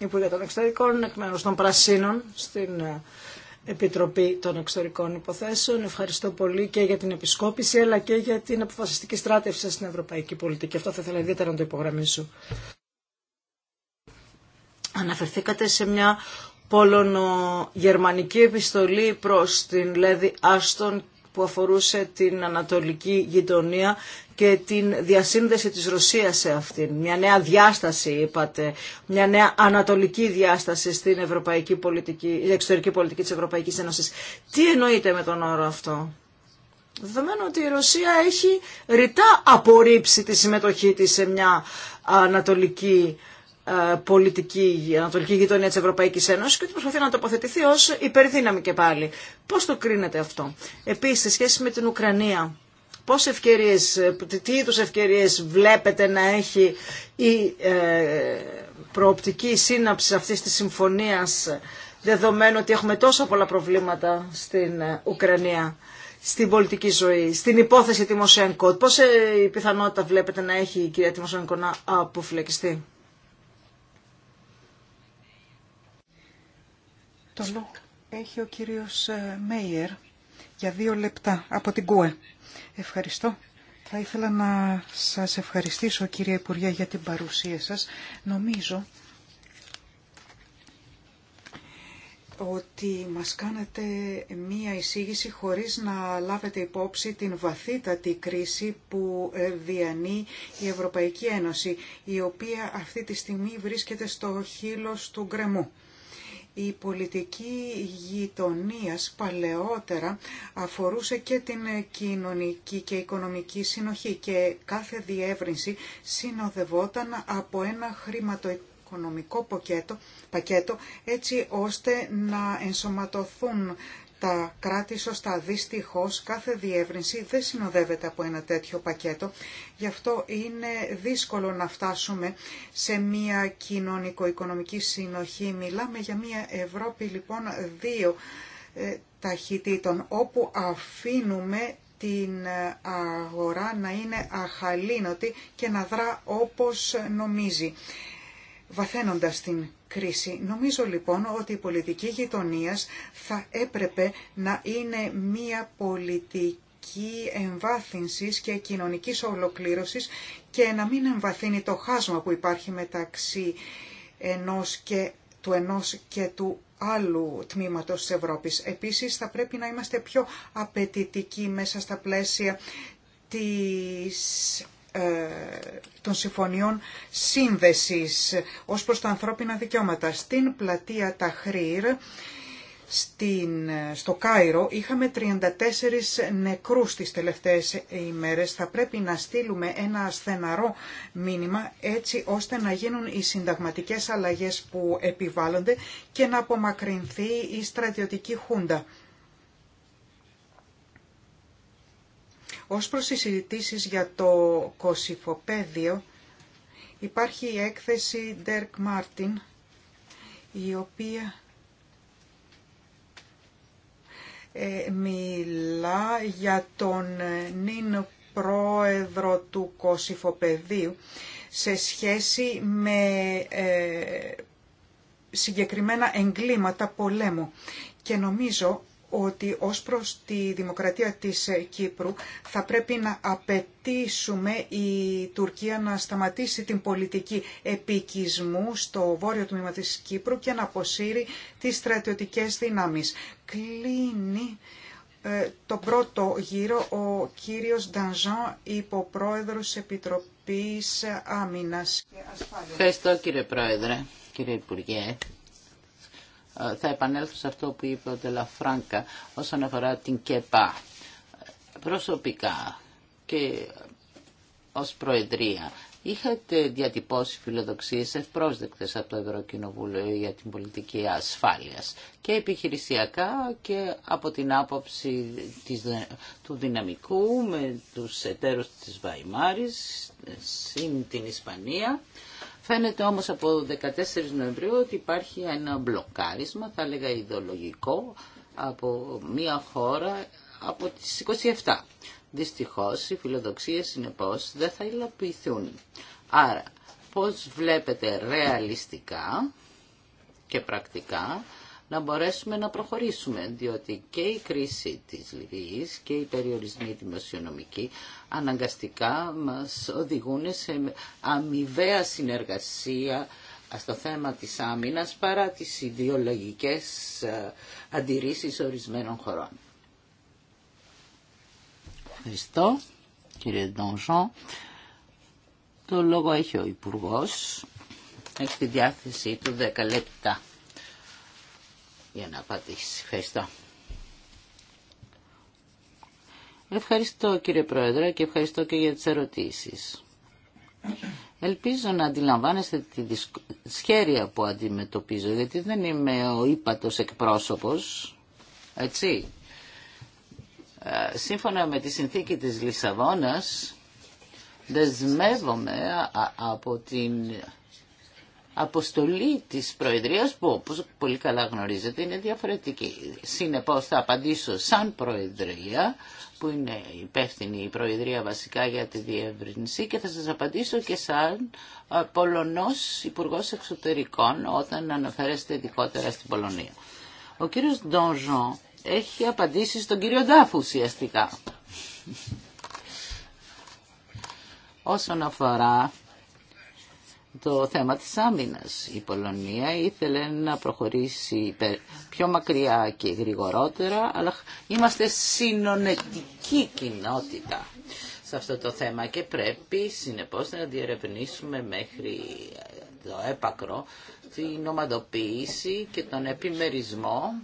Υπουργέ των Εξωτερικών, εκ μέρους των Πρασίνων στην ε, Επιτροπή των Εξωτερικών Υποθέσεων. Ευχαριστώ πολύ και για την επισκόπηση αλλά και για την αποφασιστική στράτευση στην ευρωπαϊκή πολιτική. Αυτό θα ήθελα ιδιαίτερα να το υπογραμμίσω. Αναφερθήκατε σε μια πολωνογερμανική επιστολή προς την Λέδη Άστον που αφορούσε την ανατολική γειτονία και την διασύνδεση της Ρωσίας σε αυτήν. Μια νέα διάσταση, είπατε, μια νέα ανατολική διάσταση στην ευρωπαϊκή πολιτική, εξωτερική πολιτική της Ευρωπαϊκής Ένωσης. Τι εννοείτε με τον όρο αυτό. Δεδομένου ότι η Ρωσία έχει ρητά απορρίψει τη συμμετοχή της σε μια ανατολική ε, πολιτική ανατολική γειτονία της Ευρωπαϊκής Ένωσης και ότι προσπαθεί να τοποθετηθεί ως υπερδύναμη και πάλι. Πώς το κρίνεται αυτό. επίση σε σχέση με την Ουκρανία, πώς ευκαιρίες, τι είδους ευκαιρίες βλέπετε να έχει η ε, προοπτική σύναψη αυτής της συμφωνίας δεδομένου ότι έχουμε τόσα πολλά προβλήματα στην ε, Ουκρανία στην πολιτική ζωή, στην υπόθεση Τιμοσέγκο. Πώς η πιθανότητα βλέπετε να έχει η κυρία Τιμοσέγκο να αποφυλακιστεί. Το έχει ο κύριος ε, Μέιερ για δύο λεπτά από την ΚΟΕ. Ευχαριστώ. Θα ήθελα να σας ευχαριστήσω κύριε Υπουργέ για την παρουσία σας. Νομίζω ότι μας κάνετε μία εισήγηση χωρίς να λάβετε υπόψη την βαθύτατη κρίση που ε, διανύει η Ευρωπαϊκή Ένωση, η οποία αυτή τη στιγμή βρίσκεται στο χείλος του γκρεμού. Η πολιτική γειτονίας παλαιότερα αφορούσε και την κοινωνική και οικονομική συνοχή και κάθε διεύρυνση συνοδευόταν από ένα χρηματοοικονομικό πακέτο, πακέτο έτσι ώστε να ενσωματωθούν τα κράτη σωστά. δυστυχώ, κάθε διεύρυνση δεν συνοδεύεται από ένα τέτοιο πακέτο. Γι' αυτό είναι δύσκολο να φτάσουμε σε μια κοινωνικο-οικονομική συνοχή. Μιλάμε για μια Ευρώπη λοιπόν δύο ε, ταχυτήτων όπου αφήνουμε την ε, αγορά να είναι αχαλήνοτη και να δρά όπως νομίζει βαθαίνοντας την κρίση. Νομίζω λοιπόν ότι η πολιτική γειτονίας θα έπρεπε να είναι μία πολιτική εμβάθυνσης και κοινωνικής ολοκλήρωσης και να μην εμβαθύνει το χάσμα που υπάρχει μεταξύ ενός και, του ενός και του άλλου τμήματος της Ευρώπης. Επίσης θα πρέπει να είμαστε πιο απαιτητικοί μέσα στα πλαίσια της ε, των συμφωνιών σύνδεσης ως προς τα ανθρώπινα δικαιώματα. Στην πλατεία Ταχρήρ, στην, στο Κάιρο, είχαμε 34 νεκρούς τις τελευταίες ημέρες. Θα πρέπει να στείλουμε ένα ασθεναρό μήνυμα έτσι ώστε να γίνουν οι συνταγματικές αλλαγές που επιβάλλονται και να απομακρυνθεί η στρατιωτική χούντα. Ως προς τις συζητήσεις για το κοσυφοπέδιο υπάρχει η έκθεση Dirk Martin η οποία ε, μιλά για τον νυν πρόεδρο του κοσυφοπεδίου σε σχέση με ε, συγκεκριμένα εγκλήματα πολέμου. Και νομίζω ότι ως προς τη δημοκρατία της ε, Κύπρου θα πρέπει να απαιτήσουμε η Τουρκία να σταματήσει την πολιτική επικισμού στο βόρειο τμήμα της Κύπρου και να αποσύρει τις στρατιωτικές δυνάμεις. Κλείνει ε, το πρώτο γύρο ο κύριος Ντανζάν, υποπρόεδρος Επιτροπής Άμυνας και Ασφάλειας. Ευχαριστώ κύριε Πρόεδρε, κύριε Υπουργέ. Ε, θα επανέλθω σε αυτό που είπε ο Τελαφράγκα όσον αφορά την ΚΕΠΑ. Προσωπικά και ως Προεδρία είχατε διατυπώσει φιλοδοξίες ευπρόσδεκτες από το Ευρωκοινοβούλιο για την πολιτική ασφάλειας και επιχειρησιακά και από την άποψη του δυναμικού με τους εταίρους της Βαϊμάρης, στην την Ισπανία Φαίνεται όμως από 14 Νοεμβρίου ότι υπάρχει ένα μπλοκάρισμα, θα έλεγα ιδεολογικό, από μια χώρα από τις 27. Δυστυχώς οι φιλοδοξίες συνεπώς δεν θα υλοποιηθούν. Άρα πώς βλέπετε ρεαλιστικά και πρακτικά να μπορέσουμε να προχωρήσουμε, διότι και η κρίση της Λιβύης και οι περιορισμοί δημοσιονομικοί αναγκαστικά μας οδηγούν σε αμοιβαία συνεργασία στο θέμα της άμυνας παρά τις ιδεολογικές αντιρρήσεις ορισμένων χωρών. Ευχαριστώ κύριε Ντόνζον. Το λόγο έχει ο Υπουργός. Έχει τη διάθεσή του 10 λεπτά για να απαντήσει. Ευχαριστώ. Ευχαριστώ κύριε Πρόεδρε και ευχαριστώ και για τις ερωτήσεις. Ελπίζω να αντιλαμβάνεστε τη δυσχέρεια που αντιμετωπίζω, γιατί δεν είμαι ο ύπατος εκπρόσωπος, έτσι. Ε, σύμφωνα με τη συνθήκη της Λισαβόνας, δεσμεύομαι από την αποστολή της Προεδρίας που όπως πολύ καλά γνωρίζετε είναι διαφορετική. Συνεπώς θα απαντήσω σαν Προεδρία που είναι υπεύθυνη η Προεδρία βασικά για τη διεύρυνση και θα σας απαντήσω και σαν ε, Πολωνός υπουργό Εξωτερικών όταν αναφέρεστε ειδικότερα στην Πολωνία. Ο κύριος Ντόνζον έχει απαντήσει στον κύριο Ντάφου ουσιαστικά. Όσον αφορά το θέμα της άμυνας. Η Πολωνία ήθελε να προχωρήσει πιο μακριά και γρηγορότερα, αλλά είμαστε συνονετική κοινότητα σε αυτό το θέμα και πρέπει συνεπώς να διερευνήσουμε μέχρι το έπακρο την ομαδοποίηση και τον επιμερισμό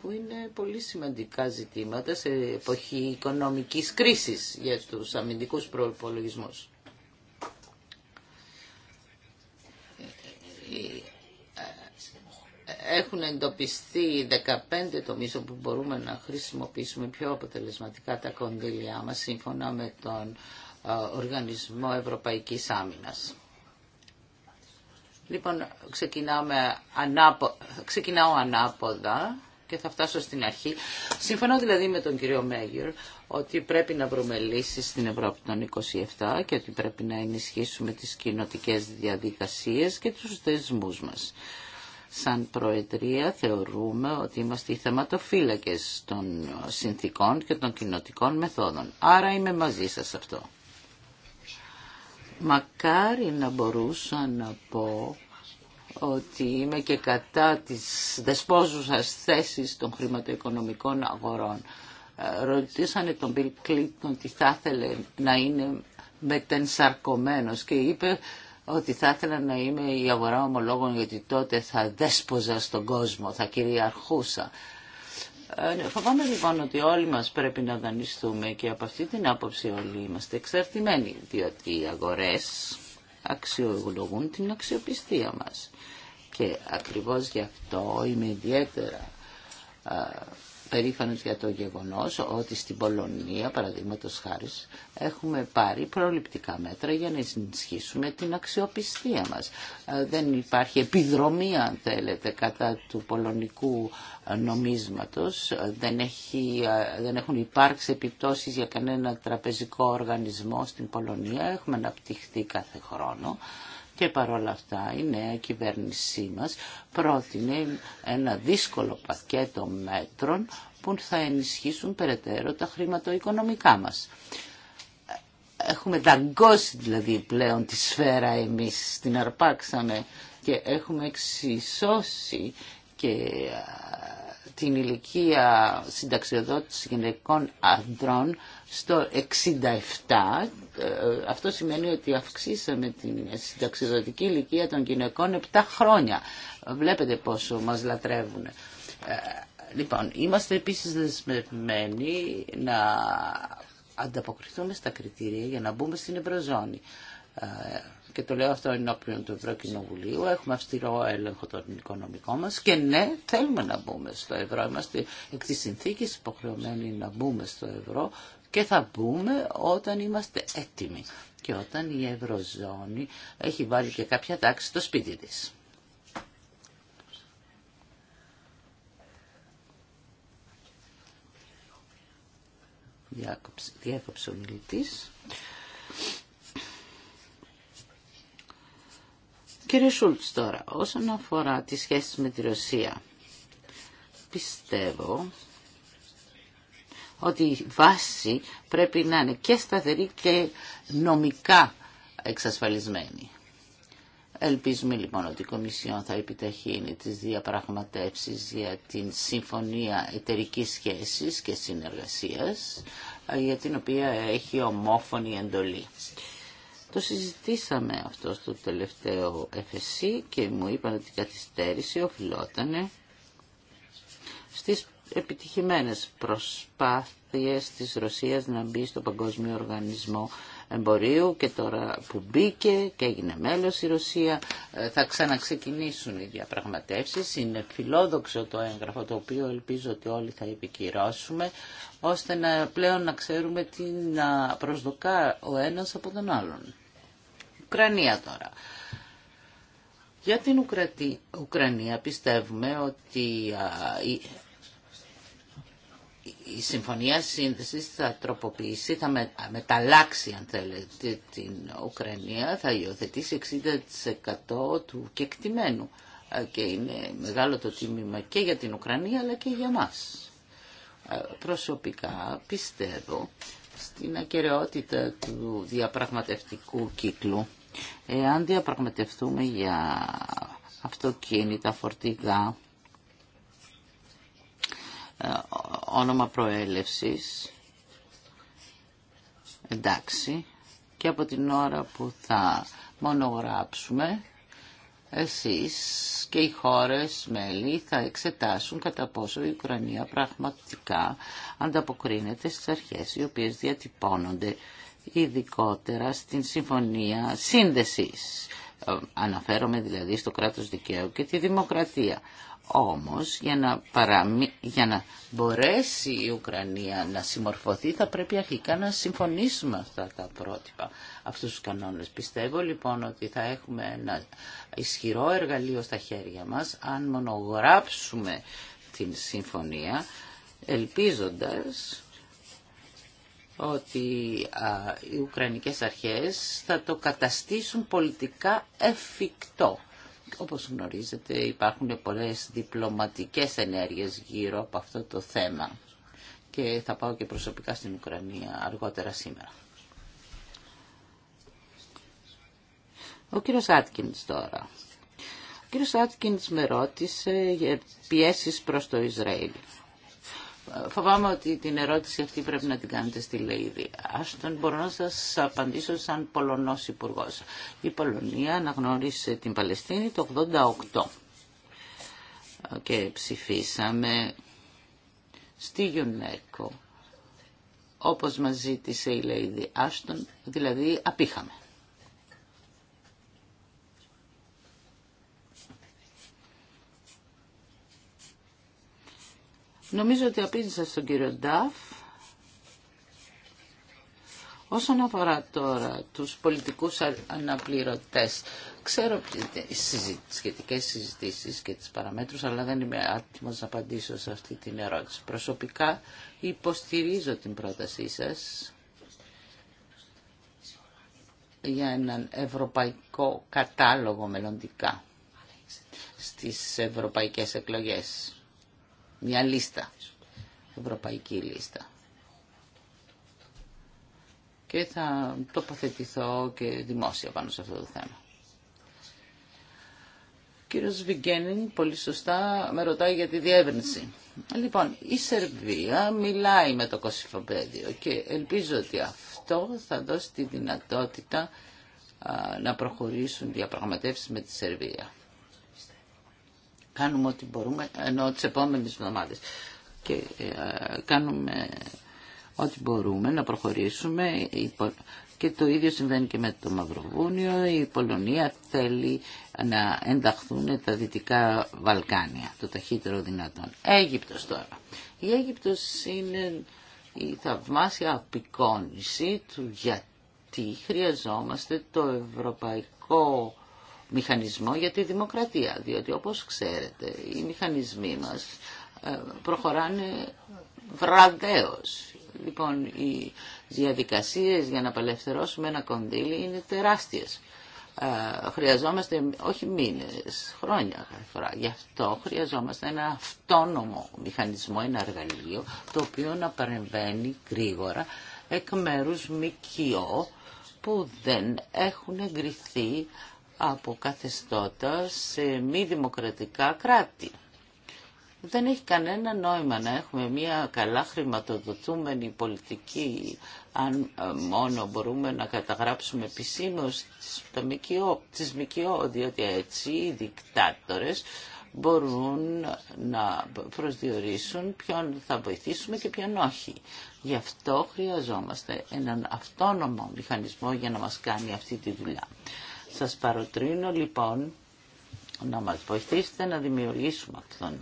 που είναι πολύ σημαντικά ζητήματα σε εποχή οικονομικής κρίσης για τους αμυντικούς προϋπολογισμούς. Ε, ε, έχουν εντοπιστεί 15 τομείς όπου μπορούμε να χρησιμοποιήσουμε πιο αποτελεσματικά τα κονδύλια μας σύμφωνα με τον ε, Οργανισμό Ευρωπαϊκής Άμυνας. Λοιπόν, ξεκινάμε ανάπο... ξεκινάω ανάποδα και θα φτάσω στην αρχή. Συμφωνώ δηλαδή με τον κύριο Μέγιορ ότι πρέπει να βρούμε λύσεις στην Ευρώπη των 27 και ότι πρέπει να ενισχύσουμε τις κοινοτικέ διαδικασίες και τους θεσμούς μας. Σαν Προεδρία θεωρούμε ότι είμαστε οι θεματοφύλακες των συνθήκων και των κοινοτικών μεθόδων. Άρα είμαι μαζί σας αυτό. Μακάρι να μπορούσα να πω ότι είμαι και κατά της δεσπόζουσας θέσης των χρηματοοικονομικών αγορών. Ε, ρωτήσανε τον Bill Clinton τι θα ήθελε να είναι μετενσαρκωμένος και είπε ότι θα ήθελα να είμαι η αγορά ομολόγων γιατί τότε θα δέσποζα στον κόσμο, θα κυριαρχούσα. Ε, ναι, φοβάμαι λοιπόν ότι όλοι μας πρέπει να δανειστούμε και από αυτή την άποψη όλοι είμαστε εξαρτημένοι, διότι οι αγορές αξιολογούν την αξιοπιστία μας. Και ακριβώς γι' αυτό είμαι ιδιαίτερα ε, περήφανος για το γεγονός ότι στην Πολωνία, παραδείγματο χάρη, έχουμε πάρει προληπτικά μέτρα για να ενισχύσουμε την αξιοπιστία μας. Ε, δεν υπάρχει επιδρομή, αν θέλετε, κατά του πολωνικού νομίσματος. Ε, δεν, έχει, ε, δεν έχουν υπάρξει επιπτώσεις για κανένα τραπεζικό οργανισμό στην Πολωνία. Έχουμε αναπτυχθεί κάθε χρόνο. Και παρόλα αυτά η νέα κυβέρνησή μας πρότεινε ένα δύσκολο πακέτο μέτρων που θα ενισχύσουν περαιτέρω τα χρηματοοικονομικά μας. Έχουμε δαγκώσει δηλαδή πλέον τη σφαίρα εμείς, την αρπάξαμε και έχουμε εξισώσει και την ηλικία συνταξιοδότηση γυναικών ανδρών στο 67. Ε, αυτό σημαίνει ότι αυξήσαμε την συνταξιδοτική ηλικία των γυναικών 7 χρόνια. Βλέπετε πόσο μας λατρεύουν. Ε, λοιπόν, είμαστε επίσης δεσμευμένοι να ανταποκριθούμε στα κριτήρια για να μπούμε στην Ευρωζώνη. Ε, και το λέω αυτό ενώπιον του Ευρωκοινοβουλίου. Έχουμε αυστηρό έλεγχο των οικονομικών μας και ναι, θέλουμε να μπούμε στο ευρώ. Είμαστε εκ της συνθήκης υποχρεωμένοι να μπούμε στο ευρώ και θα πούμε όταν είμαστε έτοιμοι και όταν η Ευρωζώνη έχει βάλει και κάποια τάξη στο σπίτι της. Διάκοψε, ο μιλητής. Κύριε Σούλτς τώρα, όσον αφορά τις σχέσεις με τη Ρωσία, πιστεύω ότι η βάση πρέπει να είναι και σταθερή και νομικά εξασφαλισμένη. Ελπίζουμε λοιπόν ότι η Κομισιόν θα επιταχύνει τις διαπραγματεύσεις για την Συμφωνία Εταιρικής Σχέσης και Συνεργασίας, ε, για την οποία έχει ομόφωνη εντολή. Το συζητήσαμε αυτό στο τελευταίο FSC και μου είπαν ότι η καθυστέρηση οφειλότανε στις επιτυχημένες προσπάθειες της Ρωσίας να μπει στο Παγκόσμιο Οργανισμό Εμπορίου και τώρα που μπήκε και έγινε μέλος η Ρωσία ε, θα ξαναξεκινήσουν οι διαπραγματεύσεις. Είναι φιλόδοξο το έγγραφο το οποίο ελπίζω ότι όλοι θα επικυρώσουμε ώστε να, πλέον να ξέρουμε τι να προσδοκά ο ένας από τον άλλον. Ουκρανία τώρα. Για την Ουκρατή, Ουκρανία πιστεύουμε ότι η Συμφωνία Σύνδεσης θα τροποποιήσει, θα μεταλλάξει αν θέλετε την Ουκρανία, θα υιοθετήσει 60% του κεκτημένου ε, και είναι μεγάλο το τίμημα και για την Ουκρανία αλλά και για μας. Ε, προσωπικά πιστεύω στην ακαιρεότητα του διαπραγματευτικού κύκλου. Εάν διαπραγματευτούμε για αυτοκίνητα, φορτηγά, ε, όνομα προέλευσης. Εντάξει. Και από την ώρα που θα μονογράψουμε, εσείς και οι χώρες μέλη θα εξετάσουν κατά πόσο η Ουκρανία πραγματικά ανταποκρίνεται στις αρχές οι οποίες διατυπώνονται ειδικότερα στην Συμφωνία Σύνδεσης. Ε, αναφέρομαι δηλαδή στο κράτος δικαίου και τη δημοκρατία. Όμως για να, για να μπορέσει η Ουκρανία να συμμορφωθεί θα πρέπει αρχικά να συμφωνήσουμε αυτά τα πρότυπα, αυτούς τους κανόνες. Πιστεύω λοιπόν ότι θα έχουμε ένα ισχυρό εργαλείο στα χέρια μας αν μονογράψουμε την συμφωνία ελπίζοντας ότι οι Ουκρανικές αρχές θα το καταστήσουν πολιτικά εφικτό όπως γνωρίζετε υπάρχουν πολλές διπλωματικές ενέργειες γύρω από αυτό το θέμα και θα πάω και προσωπικά στην Ουκρανία αργότερα σήμερα. Ο κύριος Άτκινς τώρα. Ο κύριος Άτκινς με ρώτησε για πιέσεις προς το Ισραήλ. Φοβάμαι ότι την ερώτηση αυτή πρέπει να την κάνετε στη Λέιδη. Άστον μπορώ να σας απαντήσω σαν Πολωνός υπουργό. Η Πολωνία αναγνώρισε την Παλαιστίνη το 1988 και ψηφίσαμε στη Γιουνέκο, όπως μας ζήτησε η Λέιδη Άστον, δηλαδή απήχαμε. Νομίζω ότι απήντησα στον κύριο Νταφ. Όσον αφορά τώρα τους πολιτικούς αναπληρωτές, ξέρω τις σχετικές συζητήσεις και τις παραμέτρους, αλλά δεν είμαι άτιμος να απαντήσω σε αυτή την ερώτηση. Προσωπικά υποστηρίζω την πρότασή σας για έναν ευρωπαϊκό κατάλογο μελλοντικά στις ευρωπαϊκές εκλογές μια λίστα, ευρωπαϊκή λίστα. Και θα τοποθετηθώ και δημόσια πάνω σε αυτό το θέμα. Ο κύριος Βιγγένιν πολύ σωστά με ρωτάει για τη διεύρυνση. Λοιπόν, η Σερβία μιλάει με το Κωσυφοπέδιο και ελπίζω ότι αυτό θα δώσει τη δυνατότητα να προχωρήσουν διαπραγματεύσεις με τη Σερβία κάνουμε ό,τι μπορούμε, ενώ τις επόμενες εβδομάδες. Και ε, κάνουμε ό,τι μπορούμε να προχωρήσουμε και το ίδιο συμβαίνει και με το Μαυροβούνιο. Η Πολωνία θέλει να ενταχθούν τα Δυτικά Βαλκάνια, το ταχύτερο δυνατόν. Αίγυπτος τώρα. Η Αίγυπτος είναι η θαυμάσια απεικόνηση του γιατί χρειαζόμαστε το ευρωπαϊκό μηχανισμό για τη δημοκρατία, διότι όπως ξέρετε οι μηχανισμοί μας ε, προχωράνε βραδέως. Λοιπόν, οι διαδικασίες για να απελευθερώσουμε ένα κονδύλι είναι τεράστιες. Ε, χρειαζόμαστε όχι μήνες, χρόνια φορά. Γι' αυτό χρειαζόμαστε ένα αυτόνομο μηχανισμό, ένα εργαλείο, το οποίο να παρεμβαίνει γρήγορα εκ μέρους που δεν έχουν εγκριθεί από καθεστώτα σε μη δημοκρατικά κράτη. Δεν έχει κανένα νόημα να έχουμε μια καλά χρηματοδοτούμενη πολιτική αν ε, μόνο μπορούμε να καταγράψουμε επισήμως τις ΜΚΟ, διότι έτσι οι δικτάτορες μπορούν να προσδιορίσουν ποιον θα βοηθήσουμε και ποιον όχι. Γι' αυτό χρειαζόμαστε έναν αυτόνομο μηχανισμό για να μας κάνει αυτή τη δουλειά. Σας παροτρύνω λοιπόν να μας βοηθήσετε να δημιουργήσουμε αυτό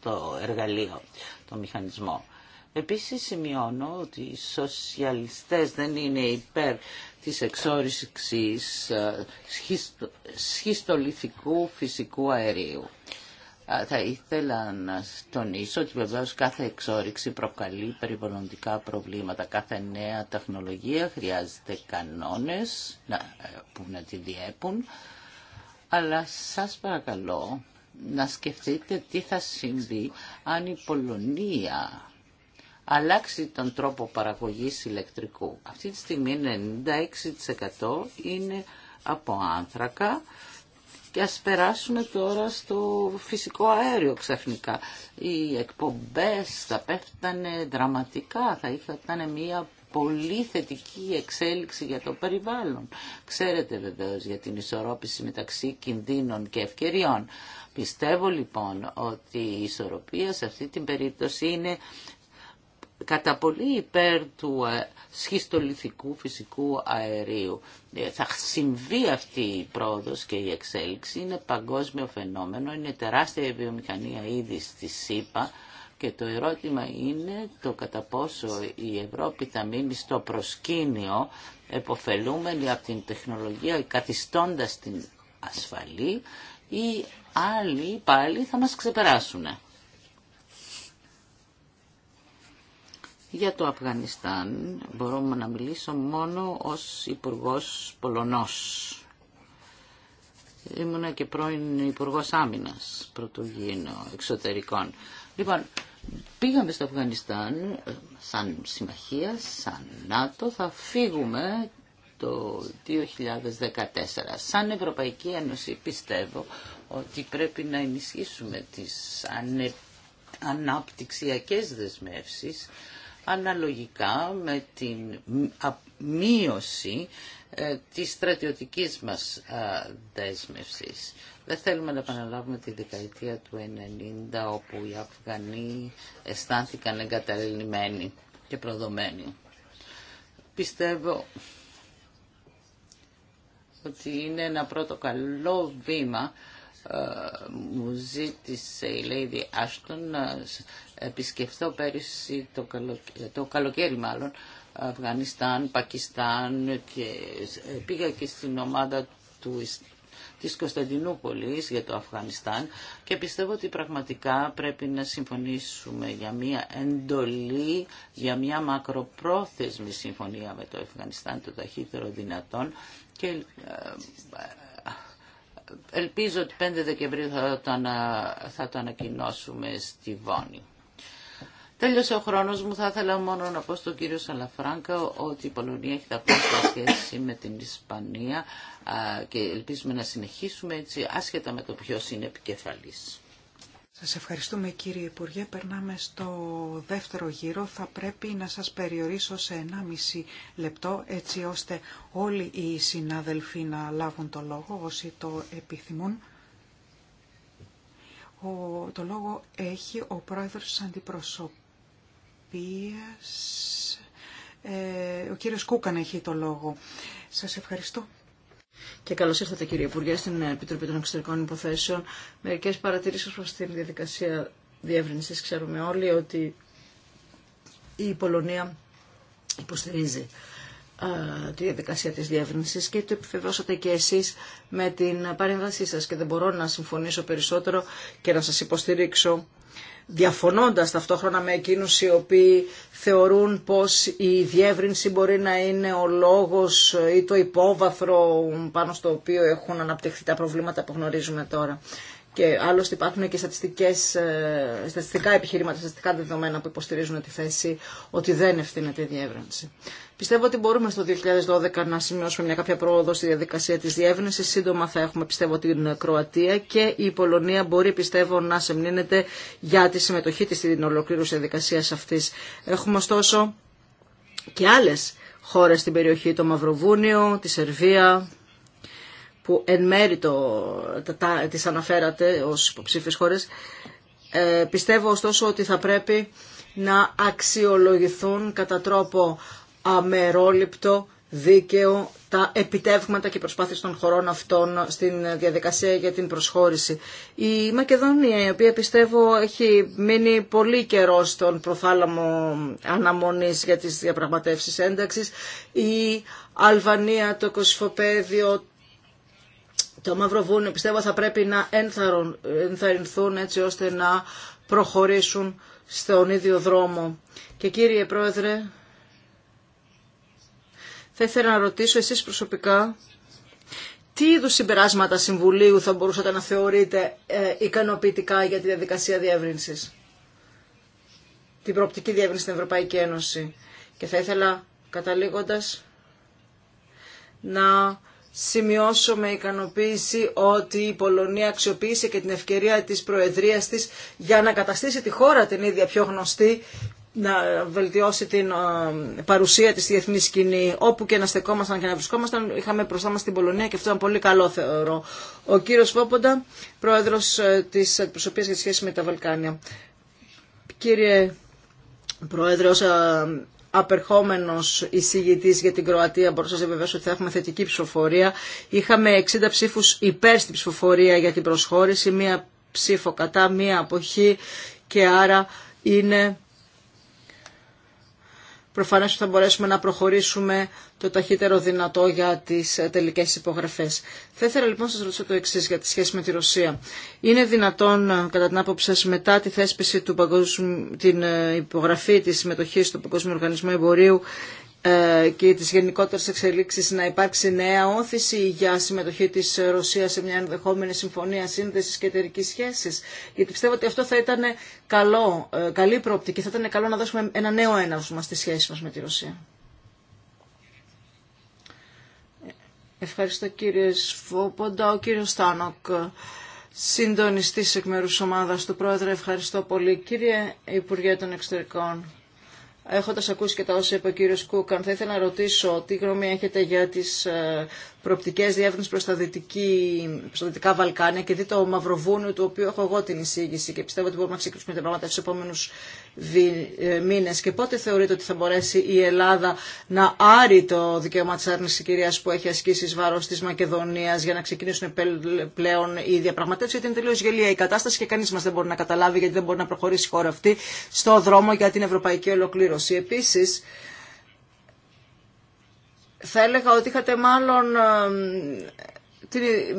το εργαλείο, το μηχανισμό. Επίσης σημειώνω ότι οι σοσιαλιστές δεν είναι υπέρ της εξόρισης ε, σχιστολιθικού φυσικού αερίου. Θα ήθελα να τονίσω ότι βεβαίω κάθε εξόριξη προκαλεί περιβαλλοντικά προβλήματα. Κάθε νέα τεχνολογία χρειάζεται κανόνες ε, που να τη διέπουν. Αλλά σας παρακαλώ να σκεφτείτε τι θα συμβεί αν η Πολωνία αλλάξει τον τρόπο παραγωγής ηλεκτρικού. Αυτή τη στιγμή 96% είναι από άνθρακα και ας περάσουμε τώρα στο φυσικό αέριο ξαφνικά. Οι εκπομπές θα πέφτανε δραματικά, θα ήταν μια πολύ θετική εξέλιξη για το περιβάλλον. Ξέρετε βεβαίως για την ισορρόπηση μεταξύ κινδύνων και ευκαιριών. Πιστεύω λοιπόν ότι η ισορροπία σε αυτή την περίπτωση είναι κατά πολύ υπέρ του ε, σχιστολιθικού φυσικού αερίου. Ε, θα συμβεί αυτή η πρόοδος και η εξέλιξη, είναι παγκόσμιο φαινόμενο, είναι τεράστια η βιομηχανία ήδη στη ΣΥΠΑ και το ερώτημα είναι το κατά πόσο η Ευρώπη θα μείνει στο προσκήνιο εποφελούμενη από την τεχνολογία καθιστώντας την ασφαλή ή άλλοι πάλι θα μας ξεπεράσουν. Για το Αφγανιστάν μπορούμε να μιλήσω μόνο ως Υπουργός Πολωνός. Ήμουνα και πρώην Υπουργό Άμυνα πρωτού γίνω εξωτερικών. Λοιπόν, πήγαμε στο Αφγανιστάν σαν συμμαχία, σαν ΝΑΤΟ, θα φύγουμε το 2014. Σαν Ευρωπαϊκή Ένωση πιστεύω ότι πρέπει να ενισχύσουμε τις ανε... αναπτυξιακές δεσμεύσεις αναλογικά με την μείωση ε, της στρατιωτικής μας δέσμευσης. Δεν θέλουμε να επαναλάβουμε τη δεκαετία του 90 όπου οι Αφγανοί αισθάνθηκαν εγκαταλελειμμένοι και προδομένοι. Πιστεύω ότι είναι ένα πρώτο καλό βήμα ε, μου ζήτησε η Αστον επισκεφθώ πέρυσι το, το καλοκαίρι μάλλον Αφγανιστάν, Πακιστάν και ε, πήγα και στην ομάδα του, της Κωνσταντινούπολης για το Αφγανιστάν και πιστεύω ότι πραγματικά πρέπει να συμφωνήσουμε για μια εντολή, για μια μακροπρόθεσμη συμφωνία με το Αφγανιστάν το ταχύτερο δυνατόν και ε, ε, ελπίζω ότι 5 Δεκεμβρίου θα το, θα το ανακοινώσουμε στη Βόνη. Τέλειωσε ο χρόνος μου. Θα ήθελα μόνο να πω στον κύριο Σαλαφράγκα ότι η Πολωνία έχει ταπεινώσει σχέση με την Ισπανία και ελπίζουμε να συνεχίσουμε έτσι άσχετα με το ποιο είναι επικεφαλής. Σας ευχαριστούμε κύριε Υπουργέ. Περνάμε στο δεύτερο γύρο. Θα πρέπει να σας περιορίσω σε 1,5 λεπτό έτσι ώστε όλοι οι συνάδελφοι να λάβουν το λόγο όσοι το επιθυμούν. Ο, το λόγο έχει ο πρόεδρος της ε, ο κύριος Κούκαν έχει το λόγο. Σας ευχαριστώ. Και καλώς ήρθατε κύριε Υπουργέ στην Επιτροπή των Εξωτερικών Υποθέσεων. Μερικές παρατηρήσεις προς την διαδικασία διεύρυνσης. Ξέρουμε όλοι ότι η Πολωνία υποστηρίζει τη διαδικασία της διεύρυνσης και το επιβεβαιώσατε και εσείς με την παρέμβασή σας και δεν μπορώ να συμφωνήσω περισσότερο και να σας υποστηρίξω διαφωνώντας ταυτόχρονα με εκείνους οι οποίοι θεωρούν πως η διεύρυνση μπορεί να είναι ο λόγος ή το υπόβαθρο πάνω στο οποίο έχουν αναπτυχθεί τα προβλήματα που γνωρίζουμε τώρα και άλλωστε υπάρχουν και στατιστικές, ε, στατιστικά επιχειρήματα, στατιστικά δεδομένα που υποστηρίζουν τη θέση ότι δεν ευθύνεται η διεύρυνση. Πιστεύω ότι μπορούμε στο 2012 να σημειώσουμε μια κάποια πρόοδο στη διαδικασία της διεύρυνσης. Σύντομα θα έχουμε πιστεύω την Κροατία και η Πολωνία μπορεί πιστεύω να σεμνύνεται για τη συμμετοχή της στην ολοκλήρωση διαδικασίας αυτής. Έχουμε ωστόσο και άλλες χώρες στην περιοχή, το Μαυροβούνιο, τη Σερβία, που εν μέρη το, τα, τα, τις αναφέρατε ως υποψήφιες χώρες, ε, πιστεύω ωστόσο ότι θα πρέπει να αξιολογηθούν κατά τρόπο αμερόληπτο, δίκαιο τα επιτεύγματα και προσπάθειες των χωρών αυτών στην διαδικασία για την προσχώρηση. Η Μακεδονία, η οποία πιστεύω έχει μείνει πολύ καιρό στον προθάλαμο αναμονής για τις διαπραγματεύσεις ένταξης, η Αλβανία, το Κοσφοπέδιο, το Μαυροβούνιο πιστεύω θα πρέπει να ενθαρρυνθούν έτσι ώστε να προχωρήσουν στον ίδιο δρόμο. Και κύριε Πρόεδρε, θα ήθελα να ρωτήσω εσείς προσωπικά τι είδου συμπεράσματα Συμβουλίου θα μπορούσατε να θεωρείτε ε, ικανοποιητικά για τη διαδικασία διεύρυνσης, την προοπτική διεύρυνση στην Ευρωπαϊκή Ένωση. Και θα ήθελα καταλήγοντας να σημειώσω με ικανοποίηση ότι η Πολωνία αξιοποίησε και την ευκαιρία της Προεδρίας της για να καταστήσει τη χώρα την ίδια πιο γνωστή να βελτιώσει την ε, παρουσία της στη διεθνή σκηνή. Όπου και να στεκόμασταν και να βρισκόμασταν, είχαμε μπροστά μας την Πολωνία και αυτό ήταν πολύ καλό θεωρώ. Ο κύριος Φόποντα, πρόεδρος ε, της Αντιπροσωπείας για τη σχέση με τα Βαλκάνια. Κύριε Πρόεδρε, ε, απερχόμενος εισηγητή για την Κροατία, μπορώ να σα βεβαιώσω ότι θα έχουμε θετική ψηφοφορία. Είχαμε 60 ψήφους υπέρ στην ψηφοφορία για την προσχώρηση, μία ψήφο κατά, μία αποχή και άρα είναι προφανές ότι θα μπορέσουμε να προχωρήσουμε το ταχύτερο δυνατό για τις ε, τελικές υπογραφές. Θα ήθελα λοιπόν να σας ρωτήσω το εξή για τη σχέση με τη Ρωσία. Είναι δυνατόν, ε, κατά την άποψη σας, μετά τη θέσπιση του παγκόσμιου την ε, υπογραφή της συμμετοχή του Παγκόσμιου Οργανισμού Εμπορίου ε, και τις γενικότερες εξελίξεις να υπάρξει νέα όθηση για συμμετοχή της Ρωσίας σε μια ενδεχόμενη συμφωνία σύνδεσης και εταιρικής σχέσης. Γιατί πιστεύω ότι αυτό θα ήταν καλό, ε, καλή προοπτική, θα ήταν καλό να δώσουμε ένα νέο έναυσμα στη σχέση μας με τη Ρωσία. Ευχαριστώ κύριε Σφόποντα, ο κύριος Στάνοκ. Συντονιστής εκ μέρους ομάδας του Πρόεδρε, ευχαριστώ πολύ. Κύριε Υπουργέ των Εξωτερικών, έχοντας ακούσει και τα όσα είπε ο κύριος Κούκαν, θα ήθελα να ρωτήσω τι γνώμη έχετε για τις ε, προοπτικέ διεύθυνση προ τα, δυτικά Βαλκάνια και δει το Μαυροβούνιο, το οποίο έχω εγώ την εισήγηση και πιστεύω ότι μπορούμε να ξεκινήσουμε τα πράγματα στους επόμενου ε, μήνε. Και πότε θεωρείτε ότι θα μπορέσει η Ελλάδα να άρει το δικαίωμα τη άρνηση κυρία που έχει ασκήσει ει βάρος της Μακεδονίας για να ξεκινήσουν πλέον οι διαπραγματεύσει, γιατί είναι τελείω γελία η κατάσταση και κανεί μα δεν μπορεί να καταλάβει γιατί δεν μπορεί να προχωρήσει η χώρα αυτή στο δρόμο για την ευρωπαϊκή ολοκλήρωση. Επίση θα έλεγα ότι είχατε μάλλον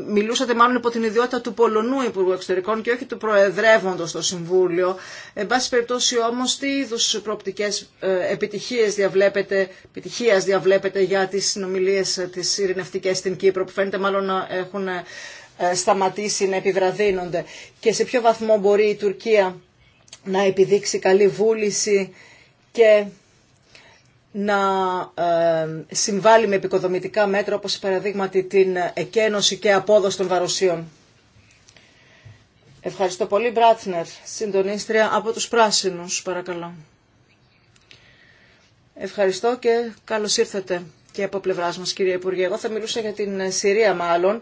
μιλούσατε μάλλον υπό την ιδιότητα του Πολωνού Υπουργού Εξωτερικών και όχι του Προεδρεύοντος στο Συμβούλιο. Εν πάση περιπτώσει όμως τι είδου προοπτικές ε, επιτυχίες διαβλέπετε, επιτυχίας διαβλέπετε για τις συνομιλίες τις ειρηνευτικές στην Κύπρο που φαίνεται μάλλον να έχουν ε, σταματήσει να επιβραδύνονται και σε ποιο βαθμό μπορεί η Τουρκία να επιδείξει καλή βούληση και να ε, συμβάλλει με επικοδομητικά μέτρα όπως παραδείγματι την εκένωση και απόδοση των βαροσίων. Ευχαριστώ πολύ Μπράτνερ, συντονίστρια από τους Πράσινους, παρακαλώ. Ευχαριστώ και καλώς ήρθατε και από πλευρά μας κύριε Υπουργέ. Εγώ θα μιλούσα για την Συρία μάλλον.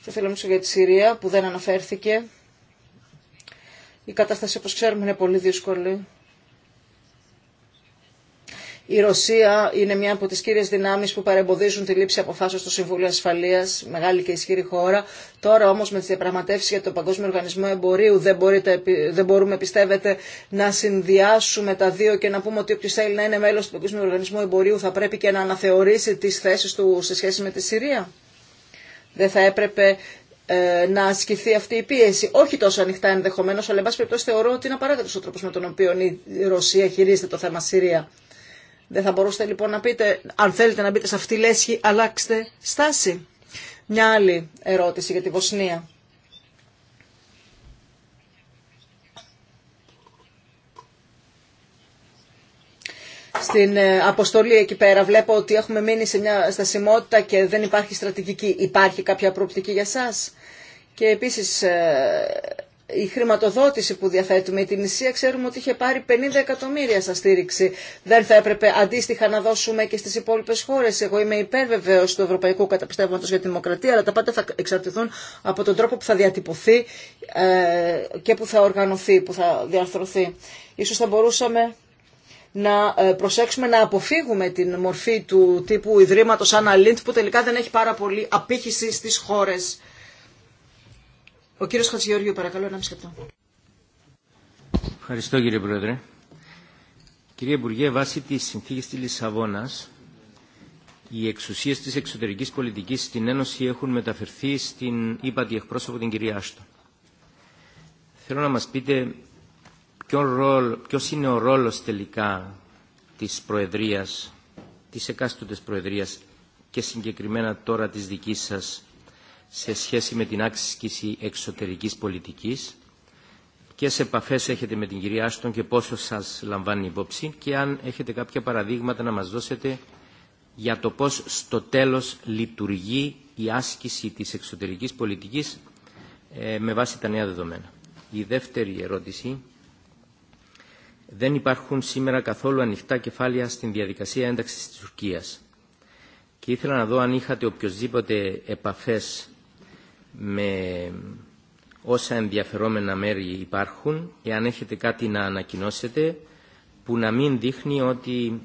Θα ήθελα να μιλήσω για τη Συρία που δεν αναφέρθηκε. Η κατάσταση όπως ξέρουμε είναι πολύ δύσκολη. Η Ρωσία είναι μια από τι κύριε δυνάμει που παρεμποδίζουν τη λήψη αποφάσεων στο Συμβούλιο ασφαλεία, μεγάλη και ισχυρή χώρα. Τώρα όμω με τι διαπραγματεύσει για το Παγκόσμιο Οργανισμό Εμπορίου δεν, μπορείτε, δεν μπορούμε, πιστεύετε, να συνδυάσουμε τα δύο και να πούμε ότι όποιο θέλει να είναι μέλο του Παγκόσμιου Οργανισμού Εμπορίου θα πρέπει και να αναθεωρήσει τι θέσει του σε σχέση με τη Συρία. Δεν θα έπρεπε ε, να ασκηθεί αυτή η πίεση. Όχι τόσο ανοιχτά ενδεχομένω, αλλά εν περιπτώσει θεωρώ ότι είναι απαράδεκτο ο τρόπο με τον οποίο η Ρωσία χειρίζεται το θέμα Συρία. Δεν θα μπορούσατε λοιπόν να πείτε, αν θέλετε να μπείτε σε αυτή τη λέσχη, αλλάξτε στάση. Μια άλλη ερώτηση για τη Βοσνία. στην ε, αποστολή εκεί πέρα. Βλέπω ότι έχουμε μείνει σε μια στασιμότητα και δεν υπάρχει στρατηγική. Υπάρχει κάποια προοπτική για σας. Και επίσης ε, η χρηματοδότηση που διαθέτουμε, η Τινησία ξέρουμε ότι είχε πάρει 50 εκατομμύρια σαν στήριξη. Δεν θα έπρεπε αντίστοιχα να δώσουμε και στις υπόλοιπες χώρες. Εγώ είμαι υπέρβεβαιος του Ευρωπαϊκού Καταπιστεύματος για τη Δημοκρατία, αλλά τα πάντα θα εξαρτηθούν από τον τρόπο που θα διατυπωθεί ε, και που θα οργανωθεί, που θα διαρθρωθεί. Ίσως θα μπορούσαμε να ε, προσέξουμε να αποφύγουμε την μορφή του τύπου Ιδρύματος Αναλίντ που τελικά δεν έχει πάρα πολύ απήχηση στις χώρες. Ο κύριος Χατζηγιώργιο, παρακαλώ, ένα μισή Ευχαριστώ κύριε Πρόεδρε. Κύριε Υπουργέ, βάσει της συνθήκης της Λισαβόνας, οι εξουσίες της εξωτερικής πολιτικής στην Ένωση έχουν μεταφερθεί στην ύπατη εκπρόσωπο την κυρία Άστο. Θέλω να μας πείτε ποιο ποιος είναι ο ρόλος τελικά της Προεδρίας, της εκάστοτε Προεδρίας και συγκεκριμένα τώρα της δικής σας σε σχέση με την άσκηση εξωτερικής πολιτικής. σε επαφές έχετε με την κυρία Άστον και πόσο σας λαμβάνει υπόψη και αν έχετε κάποια παραδείγματα να μας δώσετε για το πώς στο τέλος λειτουργεί η άσκηση της εξωτερικής πολιτικής ε, με βάση τα νέα δεδομένα. Η δεύτερη ερώτηση. Δεν υπάρχουν σήμερα καθόλου ανοιχτά κεφάλια στην διαδικασία ένταξης της Τουρκίας. Και ήθελα να δω αν είχατε οποιοδήποτε επαφές με όσα ενδιαφερόμενα μέρη υπάρχουν, εάν έχετε κάτι να ανακοινώσετε, που να μην δείχνει ότι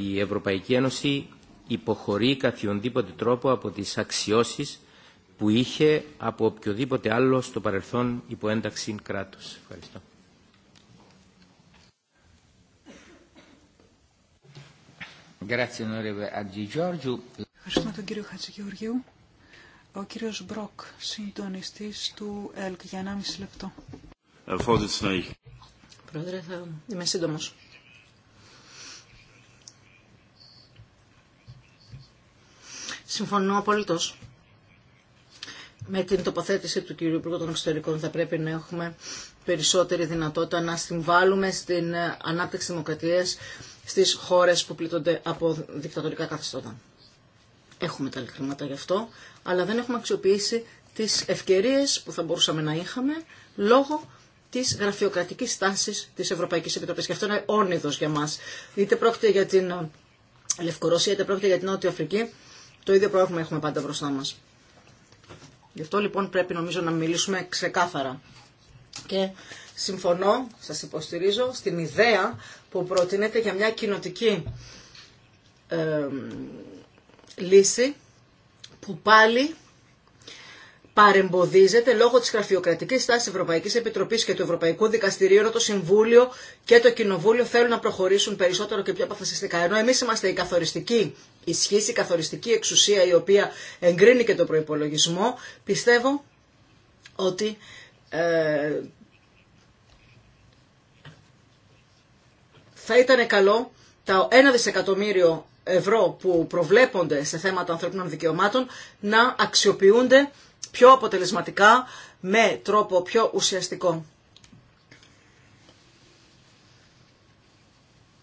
η Ευρωπαϊκή Ένωση υποχωρεί καθιονδήποτε τρόπο από τις αξιώσεις που είχε από οποιοδήποτε άλλο στο παρελθόν υποένταξη κράτους. Ευχαριστώ. Ευχαριστούμε τον κύριο Χατζηγεωργίου. Ο κύριος Μπροκ, συντονιστής του ΕΛΚ, για 1,5 λεπτό. Πρόεδρε, είμαι σύντομος. Συμφωνώ απολύτως με την τοποθέτηση του κύριου Υπουργού των Εξωτερικών θα πρέπει να έχουμε περισσότερη δυνατότητα να συμβάλλουμε στην ανάπτυξη δημοκρατίας στις χώρες που πλήττονται από δικτατορικά καθεστώτα. Έχουμε τα χρήματα γι' αυτό, αλλά δεν έχουμε αξιοποιήσει τις ευκαιρίες που θα μπορούσαμε να είχαμε λόγω τη γραφειοκρατική τάση τη Ευρωπαϊκή Επιτροπή. Και αυτό είναι όνειδο για μα. Είτε πρόκειται για την ε, Λευκορωσία, είτε πρόκειται για την Νότια Αφρική, το ίδιο πρόβλημα έχουμε πάντα μπροστά μα. Γι' αυτό λοιπόν πρέπει νομίζω να μιλήσουμε ξεκάθαρα. Και συμφωνώ, σα υποστηρίζω, στην ιδέα που προτείνεται για μια κοινοτική ε, λύση που πάλι παρεμποδίζεται λόγω της γραφειοκρατικής στάσης Ευρωπαϊκής Επιτροπής και του Ευρωπαϊκού Δικαστηρίου, ενώ το Συμβούλιο και το Κοινοβούλιο θέλουν να προχωρήσουν περισσότερο και πιο αποφασιστικά. Ενώ εμείς είμαστε η καθοριστική ισχύση, η καθοριστική εξουσία η οποία εγκρίνει και το προϋπολογισμό, πιστεύω ότι ε, θα ήταν καλό τα 1 δισεκατομμύριο ευρώ που προβλέπονται σε θέματα ανθρωπίνων δικαιωμάτων να αξιοποιούνται πιο αποτελεσματικά με τρόπο πιο ουσιαστικό.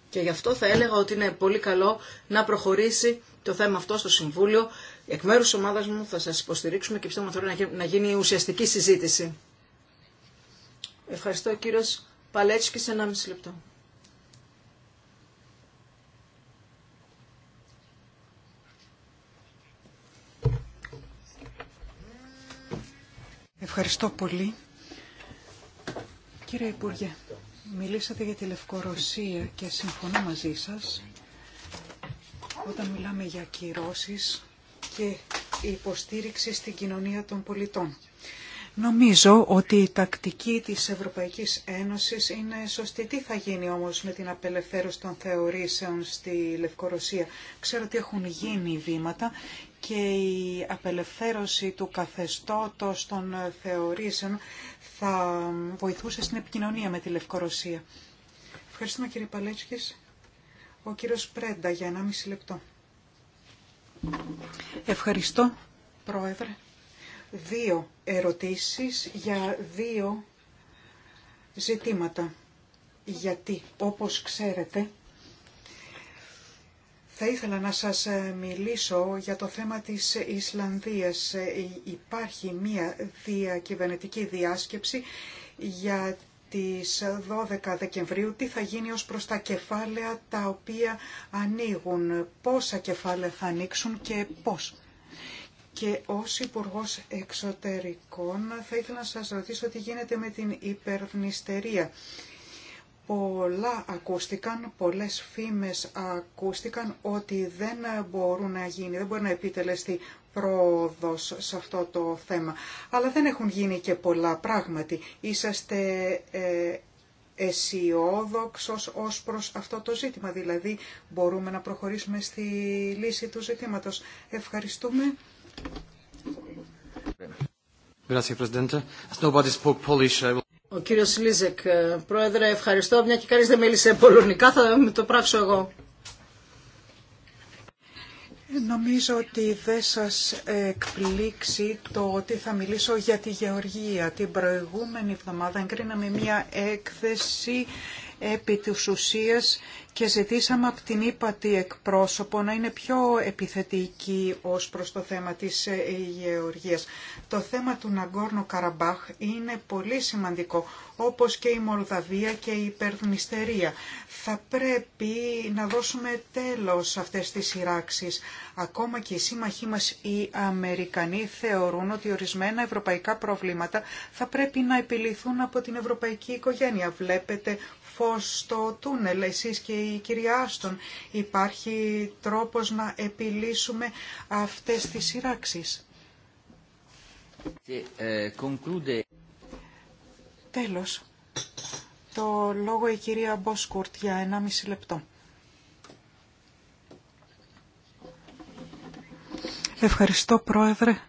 Και γι' αυτό θα έλεγα ότι είναι πολύ καλό να προχωρήσει το θέμα αυτό στο Συμβούλιο. Εκ μέρους της ομάδα μου θα σας υποστηρίξουμε και πιστεύω ότι να γίνει ουσιαστική συζήτηση. Ευχαριστώ κύριος Παλέτσικη, ένα μισή λεπτό. Ευχαριστώ πολύ. Κύριε Υπουργέ, μιλήσατε για τη Λευκορωσία και συμφωνώ μαζί σας όταν μιλάμε για κυρώσεις και υποστήριξη στην κοινωνία των πολιτών. Νομίζω ότι η τακτική της Ευρωπαϊκής Ένωσης είναι σωστή. Τι θα γίνει όμως με την απελευθέρωση των θεωρήσεων στη Λευκορωσία. Ξέρω ότι έχουν γίνει βήματα και η απελευθέρωση του καθεστώτος των θεωρήσεων θα βοηθούσε στην επικοινωνία με τη Λευκορωσία. Ευχαριστούμε κύριε Παλέτσικης. Ο κύριος Πρέντα για 1,5 λεπτό. Ευχαριστώ, Πρόεδρε δύο ερωτήσεις για δύο ζητήματα. Γιατί, όπως ξέρετε, θα ήθελα να σας ε, μιλήσω για το θέμα της Ισλανδίας. Ε, υπάρχει μία διακυβερνητική διάσκεψη για τις 12 Δεκεμβρίου τι θα γίνει ως προς τα κεφάλαια τα οποία ανοίγουν, πόσα κεφάλαια θα ανοίξουν και πώς. Και ως υπουργό Εξωτερικών θα ήθελα να σας ρωτήσω τι γίνεται με την υπερνηστερία. Πολλά ακούστηκαν, πολλές φήμες ακούστηκαν ότι δεν μπορούν να γίνει, δεν μπορεί να επιτελεστεί πρόοδος σε αυτό το θέμα. Αλλά δεν έχουν γίνει και πολλά πράγματι. Είσαστε ε, αισιόδοξο ως προς αυτό το ζήτημα, δηλαδή μπορούμε να προχωρήσουμε στη λύση του ζητήματος. Ευχαριστούμε. Ο κύριος Λίζεκ, ε, πρόεδρε, ευχαριστώ. Μια και κανείς δεν μίλησε πολωνικά, θα το πράξω εγώ. Νομίζω ότι δεν σας εκπλήξει το ότι θα μιλήσω για τη γεωργία. Την προηγούμενη εβδομάδα εγκρίναμε μια έκθεση επί της ουσίας και ζητήσαμε από την ύπατη εκπρόσωπο να είναι πιο επιθετική ως προς το θέμα της ε, γεωργίας. Το θέμα του Ναγκόρνο Καραμπάχ είναι πολύ σημαντικό, όπως και η Μολδαβία και η Υπερδνηστερία. Θα πρέπει να δώσουμε τέλος αυτές τις σειράξεις. Ακόμα και οι σύμμαχοί μας οι Αμερικανοί θεωρούν ότι ορισμένα ευρωπαϊκά προβλήματα θα πρέπει να επιληθούν από την ευρωπαϊκή οικογένεια. Βλέπετε φως στο τούνελ, εσείς και η κυρία Άστον. Υπάρχει τρόπος να επιλύσουμε αυτές τις σειράξεις. Ε, Τέλος, το λόγο η κυρία Μπόσκουρτ για 1,5 λεπτό. Ευχαριστώ πρόεδρε.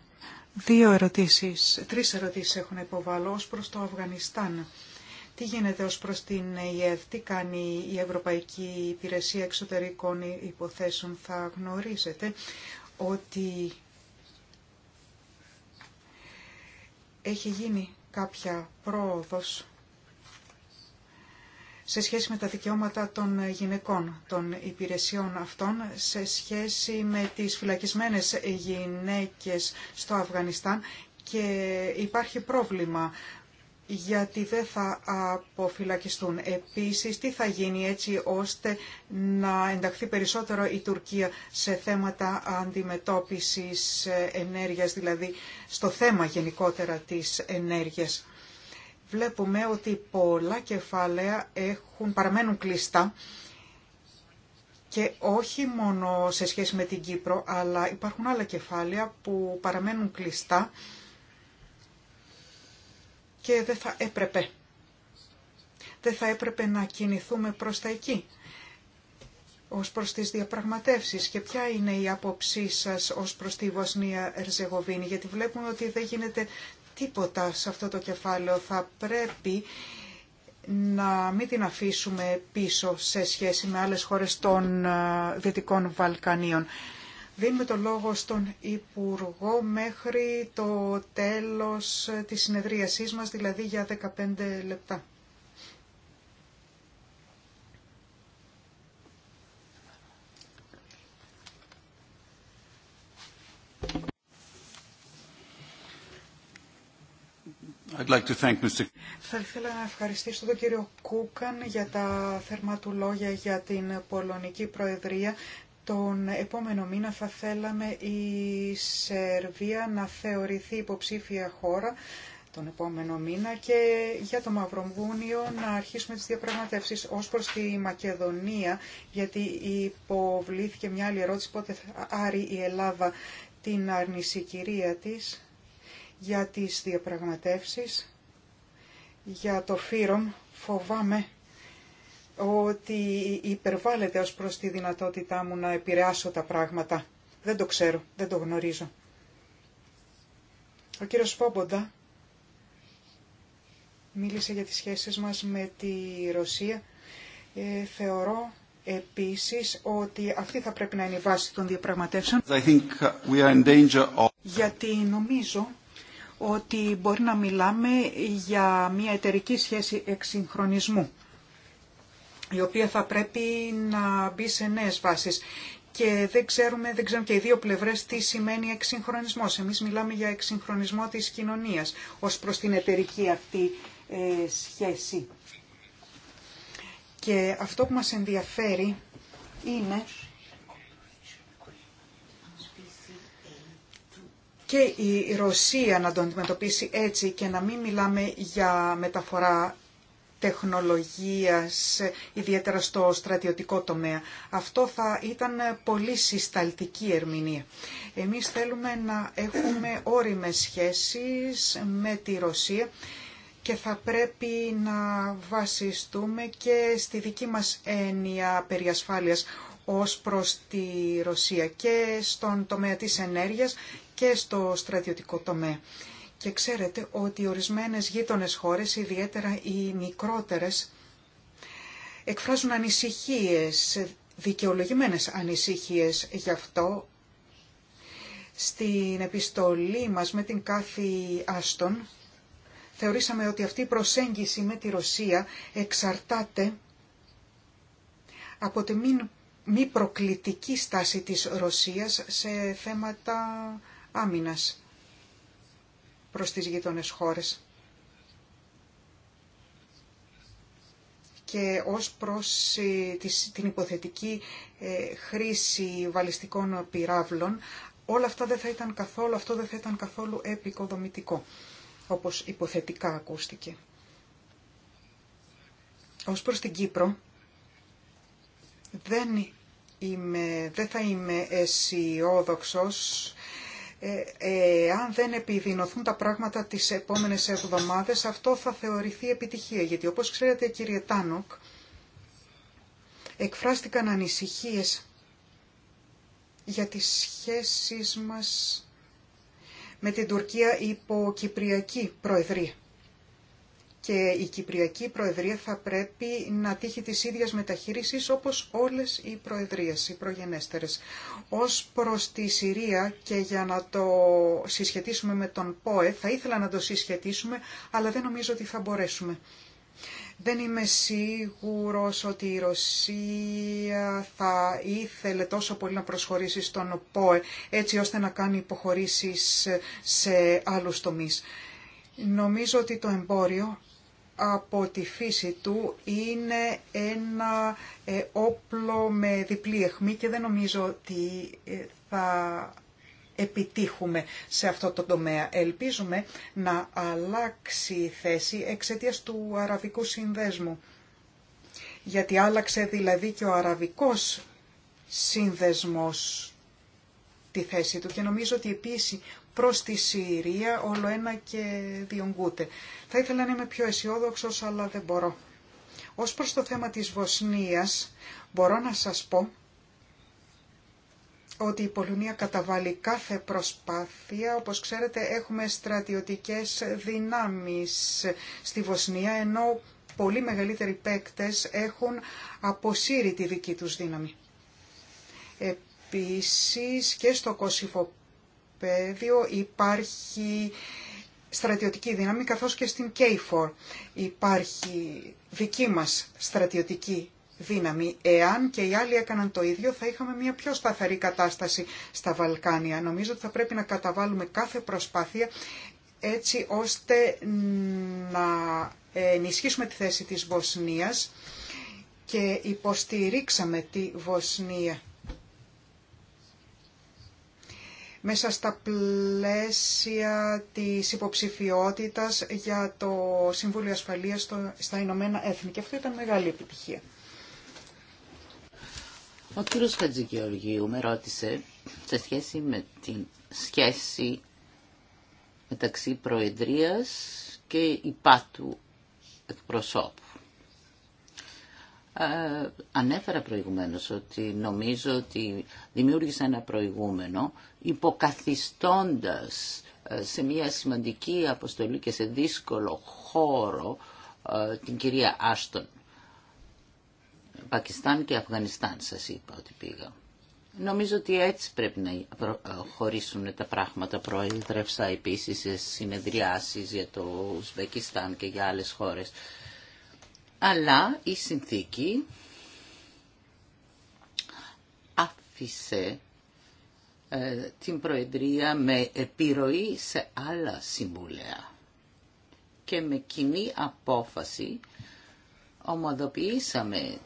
Δύο ερωτήσεις, τρεις ερωτήσεις έχουν να προς το Αφγανιστάν. Τι γίνεται ως προς την ΕΕ, τι κάνει η Ευρωπαϊκή Υπηρεσία Εξωτερικών Υποθέσεων. Θα γνωρίζετε ότι έχει γίνει κάποια πρόοδος σε σχέση με τα δικαιώματα των γυναικών των υπηρεσιών αυτών, σε σχέση με τις φυλακισμένες γυναίκες στο Αφγανιστάν και υπάρχει πρόβλημα γιατί δεν θα αποφυλακιστούν. Επίσης, τι θα γίνει έτσι ώστε να ενταχθεί περισσότερο η Τουρκία σε θέματα αντιμετώπισης ενέργειας, δηλαδή στο θέμα γενικότερα της ενέργειας. Βλέπουμε ότι πολλά κεφάλαια έχουν, παραμένουν κλειστά και όχι μόνο σε σχέση με την Κύπρο, αλλά υπάρχουν άλλα κεφάλαια που παραμένουν κλειστά και δεν θα έπρεπε. θα έπρεπε να κινηθούμε προς τα εκεί ως προς τις διαπραγματεύσεις και ποια είναι η άποψή σας ως προς τη Βοσνία Ερζεγοβίνη γιατί βλέπουμε ότι δεν γίνεται τίποτα σε αυτό το κεφάλαιο θα πρέπει να μην την αφήσουμε πίσω σε σχέση με άλλες χώρες των ε, Δυτικών Βαλκανίων. Δίνουμε το λόγο στον Υπουργό μέχρι το τέλος της συνεδρίασής μας, δηλαδή για 15 λεπτά. Θα ήθελα να ευχαριστήσω τον κύριο Κούκαν για τα θερμά του λόγια για την Πολωνική Προεδρία. Τον επόμενο μήνα θα θέλαμε η Σερβία να θεωρηθεί υποψήφια χώρα τον επόμενο μήνα και για το Μαυρομβούνιο να αρχίσουμε τις διαπραγματεύσεις ως προς τη Μακεδονία γιατί υποβλήθηκε μια άλλη ερώτηση πότε θα άρει η Ελλάδα την άρνηση κυρία της για τις διαπραγματεύσεις για το ΦΥΡΟΜ φοβάμαι ότι υπερβάλλεται ως προς τη δυνατότητά μου να επηρεάσω τα πράγματα. Δεν το ξέρω, δεν το γνωρίζω. Ο κύριος Φόμποντα μίλησε για τις σχέσεις μας με τη Ρωσία. Ε, θεωρώ επίσης ότι αυτή θα πρέπει να είναι η βάση των διαπραγματεύσεων. Γιατί νομίζω ότι μπορεί να μιλάμε για μια εταιρική σχέση εξυγχρονισμού η οποία θα πρέπει να μπει σε νέες βάσεις. Και δεν ξέρουμε, δεν ξέρουμε και οι δύο πλευρές τι σημαίνει εξυγχρονισμός. Εμείς μιλάμε για εξυγχρονισμό της κοινωνίας ως προς την εταιρική αυτή ε, σχέση. Και αυτό που μας ενδιαφέρει είναι και η Ρωσία να τον αντιμετωπίσει έτσι και να μην μιλάμε για μεταφορά τεχνολογίας, ιδιαίτερα στο στρατιωτικό τομέα. Αυτό θα ήταν πολύ συσταλτική ερμηνεία. Εμείς θέλουμε να έχουμε όριμες σχέσεις με τη Ρωσία και θα πρέπει να βασιστούμε και στη δική μας έννοια περί ασφάλειας ως προς τη Ρωσία και στον τομέα της ενέργειας και στο στρατιωτικό τομέα. Και ξέρετε ότι ορισμένες γείτονες χώρες, ιδιαίτερα οι μικρότερες, εκφράζουν ανησυχίες, δικαιολογημένες ανησυχίες. Γι' αυτό στην επιστολή μας με την κάθη Άστον θεωρήσαμε ότι αυτή η προσέγγιση με τη Ρωσία εξαρτάται από τη μη προκλητική στάση της Ρωσίας σε θέματα άμυνας προς τις γείτονες χώρες. και ως προς ε, την υποθετική ε, χρήση βαλιστικών πυράβλων, όλα αυτά δεν θα ήταν καθόλου, αυτό δεν θα ήταν καθόλου επικοδομητικό, όπως υποθετικά ακούστηκε. Ως προς την Κύπρο, δεν, είμαι, δεν θα είμαι αισιόδοξο ε, ε, αν δεν επιδεινωθούν τα πράγματα τις επόμενες εβδομάδες, αυτό θα θεωρηθεί επιτυχία. Γιατί όπως ξέρετε κύριε Τάνοκ, εκφράστηκαν ανησυχίες για τις σχέσεις μας με την Τουρκία υπό Κυπριακή Προεδρία και η Κυπριακή Προεδρία θα πρέπει να τύχει της ίδιας μεταχείρισης όπως όλες οι προεδρίες, οι προγενέστερες. Ως προς τη Συρία και για να το συσχετίσουμε με τον ΠΟΕ, θα ήθελα να το συσχετίσουμε, αλλά δεν νομίζω ότι θα μπορέσουμε. Δεν είμαι σίγουρος ότι η Ρωσία θα ήθελε τόσο πολύ να προσχωρήσει στον ΠΟΕ, έτσι ώστε να κάνει υποχωρήσεις σε άλλους τομείς. Νομίζω ότι το εμπόριο από τη φύση του είναι ένα ε, όπλο με διπλή αιχμή και δεν νομίζω ότι ε, θα επιτύχουμε σε αυτό το τομέα. Ελπίζουμε να αλλάξει η θέση εξαιτίας του αραβικού συνδέσμου. Γιατί άλλαξε δηλαδή και ο αραβικός σύνδεσμος τη θέση του και νομίζω ότι επίσης προς τη Συρία όλο ένα και διονγκούται. Θα ήθελα να είμαι πιο αισιόδοξο, αλλά δεν μπορώ. Ως προς το θέμα της Βοσνίας, μπορώ να σας πω ότι η Πολωνία καταβάλει κάθε προσπάθεια. Όπως ξέρετε έχουμε στρατιωτικές δυνάμεις στη Βοσνία, ενώ πολύ μεγαλύτεροι πέκτες έχουν αποσύρει τη δική τους δύναμη. Επίσης και στο Κωσυφοπέδιο πεδίο υπάρχει στρατιωτική δύναμη καθώς και στην KFOR υπάρχει δική μας στρατιωτική δύναμη. Εάν και οι άλλοι έκαναν το ίδιο θα είχαμε μια πιο σταθερή κατάσταση στα Βαλκάνια. Νομίζω ότι θα πρέπει να καταβάλουμε κάθε προσπάθεια έτσι ώστε να ενισχύσουμε τη θέση της Βοσνίας και υποστηρίξαμε τη Βοσνία μέσα στα πλαίσια της υποψηφιότητας για το Συμβούλιο Ασφαλείας στα Ηνωμένα Έθνη. Και αυτό ήταν μεγάλη επιτυχία. Ο κύριος Χατζηγεωργίου με ρώτησε σε σχέση με την σχέση μεταξύ Προεδρίας και υπάτου εκπροσώπου. Ε, ανέφερα προηγουμένως ότι νομίζω ότι δημιούργησα ένα προηγούμενο υποκαθιστώντας ε, σε μια σημαντική αποστολή και σε δύσκολο χώρο ε, την κυρία Άστον. Πακιστάν και Αφγανιστάν σας είπα ότι πήγα. Νομίζω ότι έτσι πρέπει να χωρίσουν τα πράγματα. Προέδρευσα επίσης σε συνεδριάσεις για το Ουσβεκιστάν και για άλλες χώρες αλλά η συνθήκη άφησε ε, την Προεδρία με επιρροή σε άλλα συμβούλαια. και με κοινή απόφαση ομοδοποιήσαμε,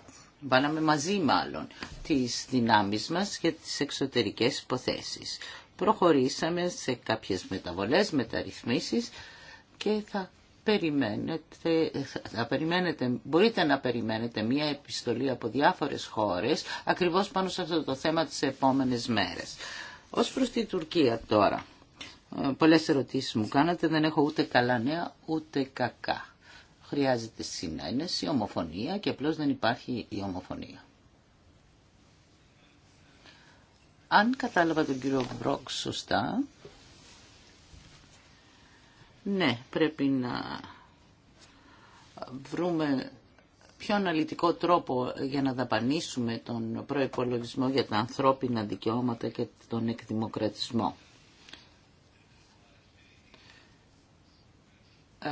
βάλαμε μαζί μάλλον, τις δυνάμεις μας για τις εξωτερικές υποθέσεις. Προχωρήσαμε σε κάποιες μεταβολές, μεταρρυθμίσεις και θα περιμένετε, θα μπορείτε να περιμένετε μία επιστολή από διάφορες χώρες ακριβώς πάνω σε αυτό το θέμα τις επόμενες μέρες. Ως προς τη Τουρκία τώρα, ε, πολλές ερωτήσεις μου κάνατε, δεν έχω ούτε καλά νέα ούτε κακά. Χρειάζεται συνένεση, ομοφωνία και απλώς δεν υπάρχει η ομοφωνία. Αν κατάλαβα τον κύριο Μπρόκ σωστά, ναι, πρέπει να βρούμε πιο αναλυτικό τρόπο για να δαπανίσουμε τον προϋπολογισμό για τα ανθρώπινα δικαιώματα και τον εκδημοκρατισμό. Ε,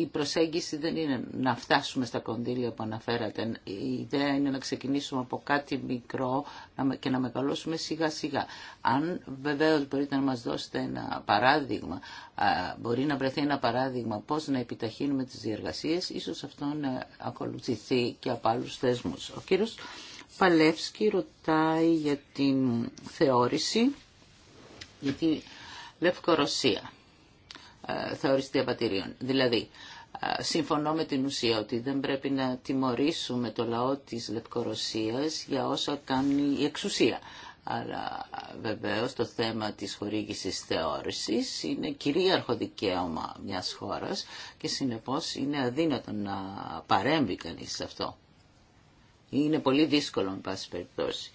η προσέγγιση δεν είναι να φτάσουμε στα κονδύλια που αναφέρατε. Η ιδέα είναι να ξεκινήσουμε από κάτι μικρό και να μεγαλώσουμε σιγά σιγά. Αν βεβαίως μπορείτε να μας δώσετε ένα παράδειγμα, ε, μπορεί να βρεθεί ένα παράδειγμα πώς να επιταχύνουμε τις διεργασίες, ίσως αυτό να ακολουθηθεί και από άλλου θεσμού. Ο κύριος Παλεύσκη ρωτάει για την θεώρηση, για τη Λευκορωσία. Ε, θεωριστή απατηρίων. Δηλαδή, ε, συμφωνώ με την ουσία ότι δεν πρέπει να τιμωρήσουμε το λαό της Λευκορωσίας για όσα κάνει η εξουσία. Αλλά βεβαίως το θέμα της χορήγησης θεώρησης είναι κυρίαρχο δικαίωμα μιας χώρας και συνεπώς είναι αδύνατο να παρέμβει κανείς σε αυτό. Είναι πολύ δύσκολο, με πάση περιπτώσει,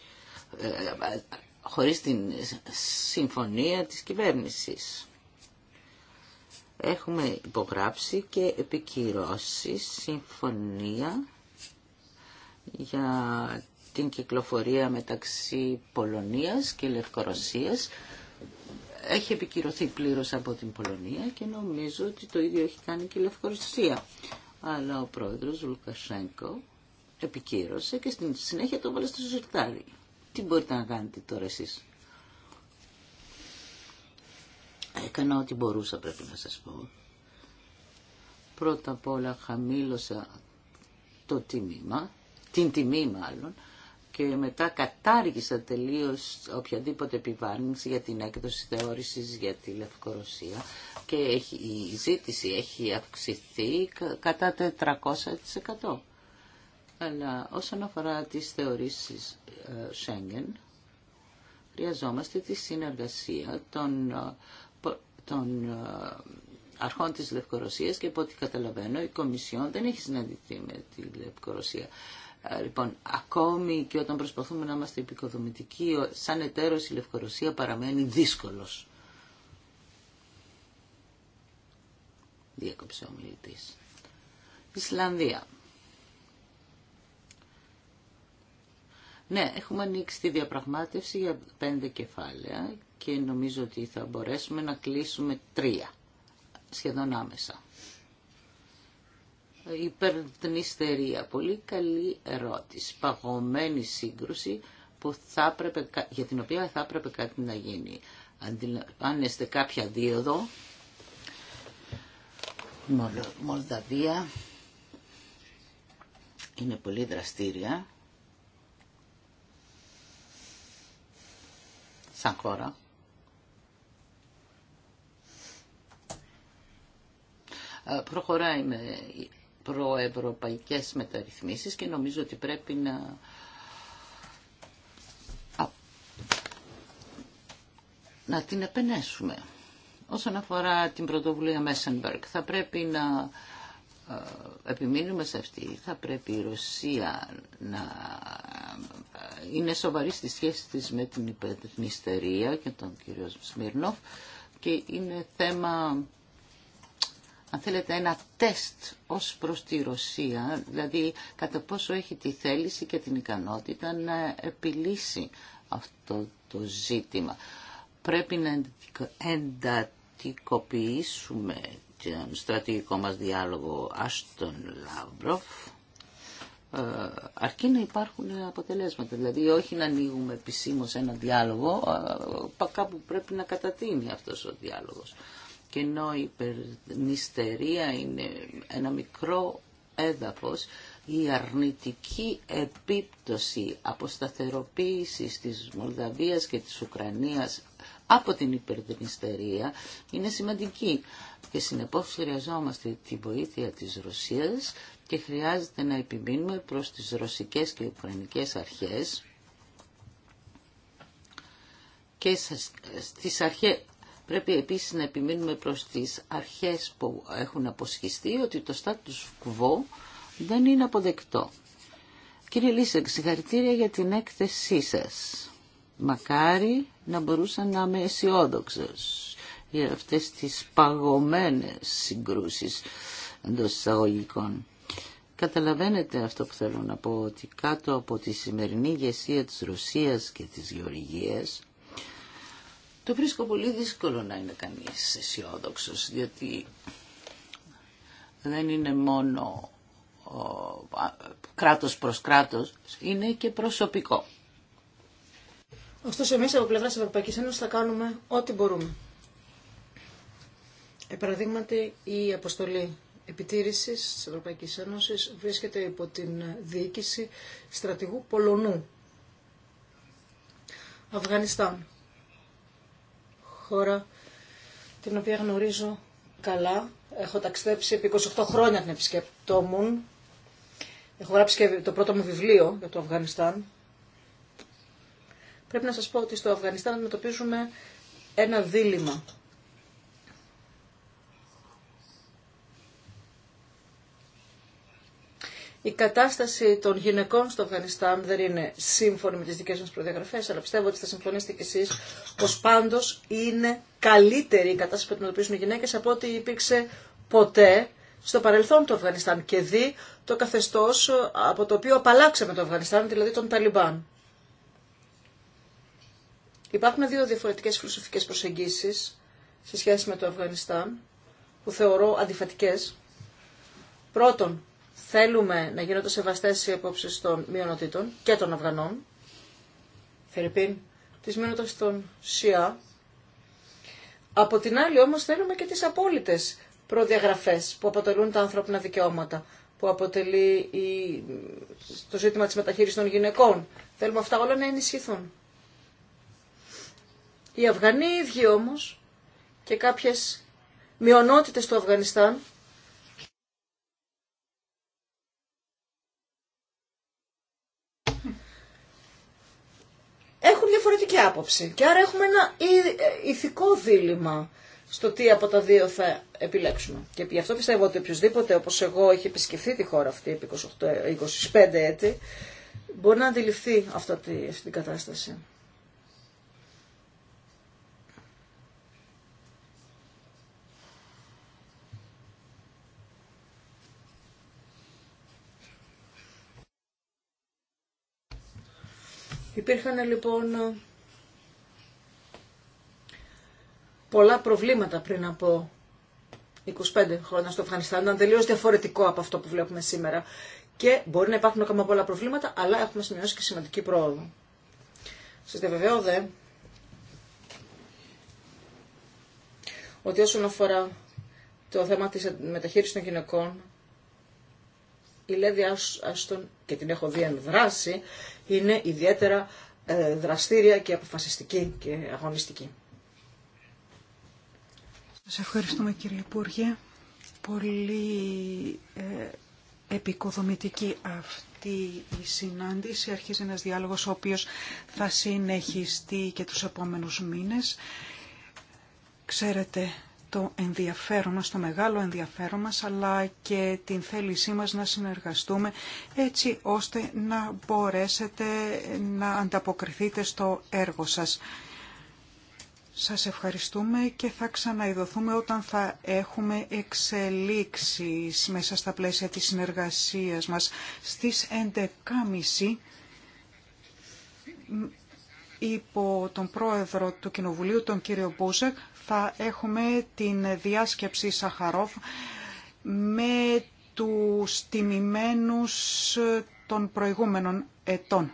ε, χωρίς την συμφωνία της κυβέρνησης έχουμε υπογράψει και επικυρώσει συμφωνία για την κυκλοφορία μεταξύ Πολωνίας και Λευκορωσίας. Έχει επικυρωθεί πλήρως από την Πολωνία και νομίζω ότι το ίδιο έχει κάνει και η Λευκορωσία. Αλλά ο πρόεδρος Λουκασέγκο επικύρωσε και στην συνέχεια το βάλε στο ζυρτάρι. Τι μπορείτε να κάνετε τώρα εσείς. Έκανα ό,τι μπορούσα πρέπει να σας πω. Πρώτα απ' όλα χαμήλωσα το τιμήμα, την τιμή μάλλον, και μετά κατάργησα τελείως οποιαδήποτε επιβάρυνση για την έκδοση θεώρησης για τη Λευκορωσία και έχει, η ζήτηση έχει αυξηθεί κατά 400%. Αλλά όσον αφορά τις θεωρήσεις ε, Σέγγεν, χρειαζόμαστε τη συνεργασία των ε, των ε, αρχών της Λευκορωσίας και από ό,τι καταλαβαίνω η Κομισιόν δεν έχει συναντηθεί με τη Λευκορωσία. Ε, λοιπόν, ακόμη και όταν προσπαθούμε να είμαστε επικοδομητικοί, σαν εταίρος η Λευκορωσία παραμένει δύσκολος. Διέκοψε ο μιλητής. Ισλανδία. Ναι, έχουμε ανοίξει τη διαπραγμάτευση για πέντε κεφάλαια και νομίζω ότι θα μπορέσουμε να κλείσουμε τρία σχεδόν άμεσα. Υπερδνηστερία. Πολύ καλή ερώτηση. Παγωμένη σύγκρουση που θα για την οποία θα έπρεπε κάτι να γίνει. Αν είστε κάποια δύο εδώ, Μολδαβία είναι πολύ δραστήρια σαν χώρα προχωράει με προευρωπαϊκές μεταρρυθμίσεις και νομίζω ότι πρέπει να να την επενέσουμε. Όσον αφορά την πρωτοβουλία Μέσενμπεργκ, θα πρέπει να επιμείνουμε σε αυτή. Θα πρέπει η Ρωσία να είναι σοβαρή στη σχέση της με την υπερνηστερία και τον κύριο Σμύρνοφ και είναι θέμα αν θέλετε, ένα τεστ ως προς τη Ρωσία, δηλαδή κατά πόσο έχει τη θέληση και την ικανότητα να επιλύσει αυτό το ζήτημα. Πρέπει να εντατικοποιήσουμε τον στρατηγικό μας διάλογο Άστον Λαμπρόφ, ε, αρκεί να υπάρχουν αποτελέσματα. Δηλαδή όχι να ανοίγουμε επισήμως ένα διάλογο, ε, κάπου πρέπει να κατατείνει αυτός ο διάλογος. Και ενώ η υπερνηστερία είναι ένα μικρό έδαφος, η αρνητική επίπτωση αποσταθεροποίησης της Μολδαβίας και της Ουκρανίας από την υπερδυνιστερία είναι σημαντική και συνεπώς χρειαζόμαστε τη βοήθεια της Ρωσίας και χρειάζεται να επιμείνουμε προς τις ρωσικές και ουκρανικές αρχές και στις αρχές Πρέπει επίσης να επιμείνουμε προς τις αρχές που έχουν αποσχιστεί ότι το status quo δεν είναι αποδεκτό. Κύριε Λίσεκ, συγχαρητήρια για την έκθεσή σας. Μακάρι να μπορούσα να είμαι αισιόδοξο για αυτές τις παγωμένες συγκρούσεις εντό εισαγωγικών. Καταλαβαίνετε αυτό που θέλω να πω, ότι κάτω από τη σημερινή ηγεσία της Ρωσίας και της Γεωργίας το βρίσκω πολύ δύσκολο να είναι κανείς αισιόδοξο, διότι δεν είναι μόνο κράτος προς κράτος, είναι και προσωπικό. Ωστόσο, εμείς από πλευράς Ευρωπαϊκής Ένωσης θα κάνουμε ό,τι μπορούμε. Επαραδείγματι, η αποστολή επιτήρησης της Ευρωπαϊκής Ένωσης βρίσκεται υπό την διοίκηση στρατηγού Πολωνού. Αφγανιστάν χώρα την οποία γνωρίζω καλά. Έχω ταξιδέψει επί 28 χρόνια την επισκεπτόμουν. Έχω γράψει και το πρώτο μου βιβλίο για το Αφγανιστάν. Πρέπει να σας πω ότι στο Αφγανιστάν αντιμετωπίζουμε ένα δίλημα η κατάσταση των γυναικών στο Αφγανιστάν δεν είναι σύμφωνη με τι δικέ μα προδιαγραφέ, αλλά πιστεύω ότι θα συμφωνήσετε κι εσεί πω πάντω είναι καλύτερη η κατάσταση που αντιμετωπίζουν οι γυναίκες από ό,τι υπήρξε ποτέ στο παρελθόν του Αφγανιστάν και δει το καθεστώ ε, από το οποίο απαλλάξαμε το Αφγανιστάν, δηλαδή τον Ταλιμπάν. Υπάρχουν δύο διαφορετικές φιλοσοφικές προσεγγίσεις σε σχέση με το Αφγανιστάν, που θεωρώ αντιφατικές. Πρώτον, Θέλουμε να γίνονται σεβαστές οι απόψει των μειονοτήτων και των Αφγανών. Φερρυπίν, τις μείνοντα των ΣΙΑ. Από την άλλη όμως θέλουμε και τις απόλυτες προδιαγραφές που αποτελούν τα ανθρώπινα δικαιώματα, που αποτελεί το ζήτημα της μεταχείρισης των γυναικών. Θέλουμε αυτά όλα να ενισχυθούν. Οι Αφγανοί ίδιοι όμως και κάποιες μειονότητες του Αφγανιστάν διαφορετική άποψη. Και άρα έχουμε ένα ε, ηθικό δίλημα στο τι από τα δύο θα επιλέξουμε. Και γι' αυτό πιστεύω ότι οποιοδήποτε όπως εγώ έχει επισκεφθεί τη χώρα αυτή επί 25 ε, έτη μπορεί να αντιληφθεί αυτή την κατάσταση. Υπήρχαν λοιπόν πολλά προβλήματα πριν από 25 χρόνια στο Αφγανιστάν. Ήταν τελείω διαφορετικό από αυτό που βλέπουμε σήμερα. Και μπορεί να υπάρχουν ακόμα πολλά προβλήματα, αλλά έχουμε σημειώσει και σημαντική πρόοδο. Σα διαβεβαιώ δε ότι όσον αφορά το θέμα της μεταχείρισης των γυναικών, η Λέδη Άστον, και την έχω δει εν δράση, είναι ιδιαίτερα ε, δραστήρια και αποφασιστική και αγωνιστική. Σας ευχαριστούμε κύριε Υπουργέ. Πολύ ε, επικοδομητική αυτή η συνάντηση. Αρχίζει ένας διάλογος ο οποίος θα συνεχιστεί και τους επόμενους μήνες. Ξέρετε το ενδιαφέρον μας, το μεγάλο ενδιαφέρον μας, αλλά και την θέλησή μας να συνεργαστούμε έτσι ώστε να μπορέσετε να ανταποκριθείτε στο έργο σας. Σας ευχαριστούμε και θα ξαναειδωθούμε όταν θα έχουμε εξελίξεις μέσα στα πλαίσια της συνεργασίας μας. Στις 11.30 υπό τον πρόεδρο του Κοινοβουλίου, τον κύριο Μπούζεκ, θα έχουμε την διάσκεψη Σαχαρόφ με τους τιμημένους των προηγούμενων ετών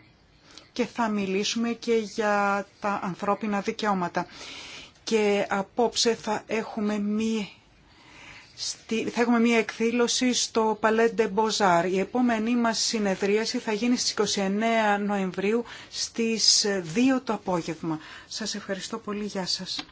και θα μιλήσουμε και για τα ανθρώπινα δικαιώματα. Και απόψε θα έχουμε μία θα έχουμε μία εκδήλωση στο Παλέντε Μποζάρ. Η επόμενή μας συνεδρίαση θα γίνει στις 29 Νοεμβρίου στις 2 το απόγευμα. Σας ευχαριστώ πολύ. Γεια σας.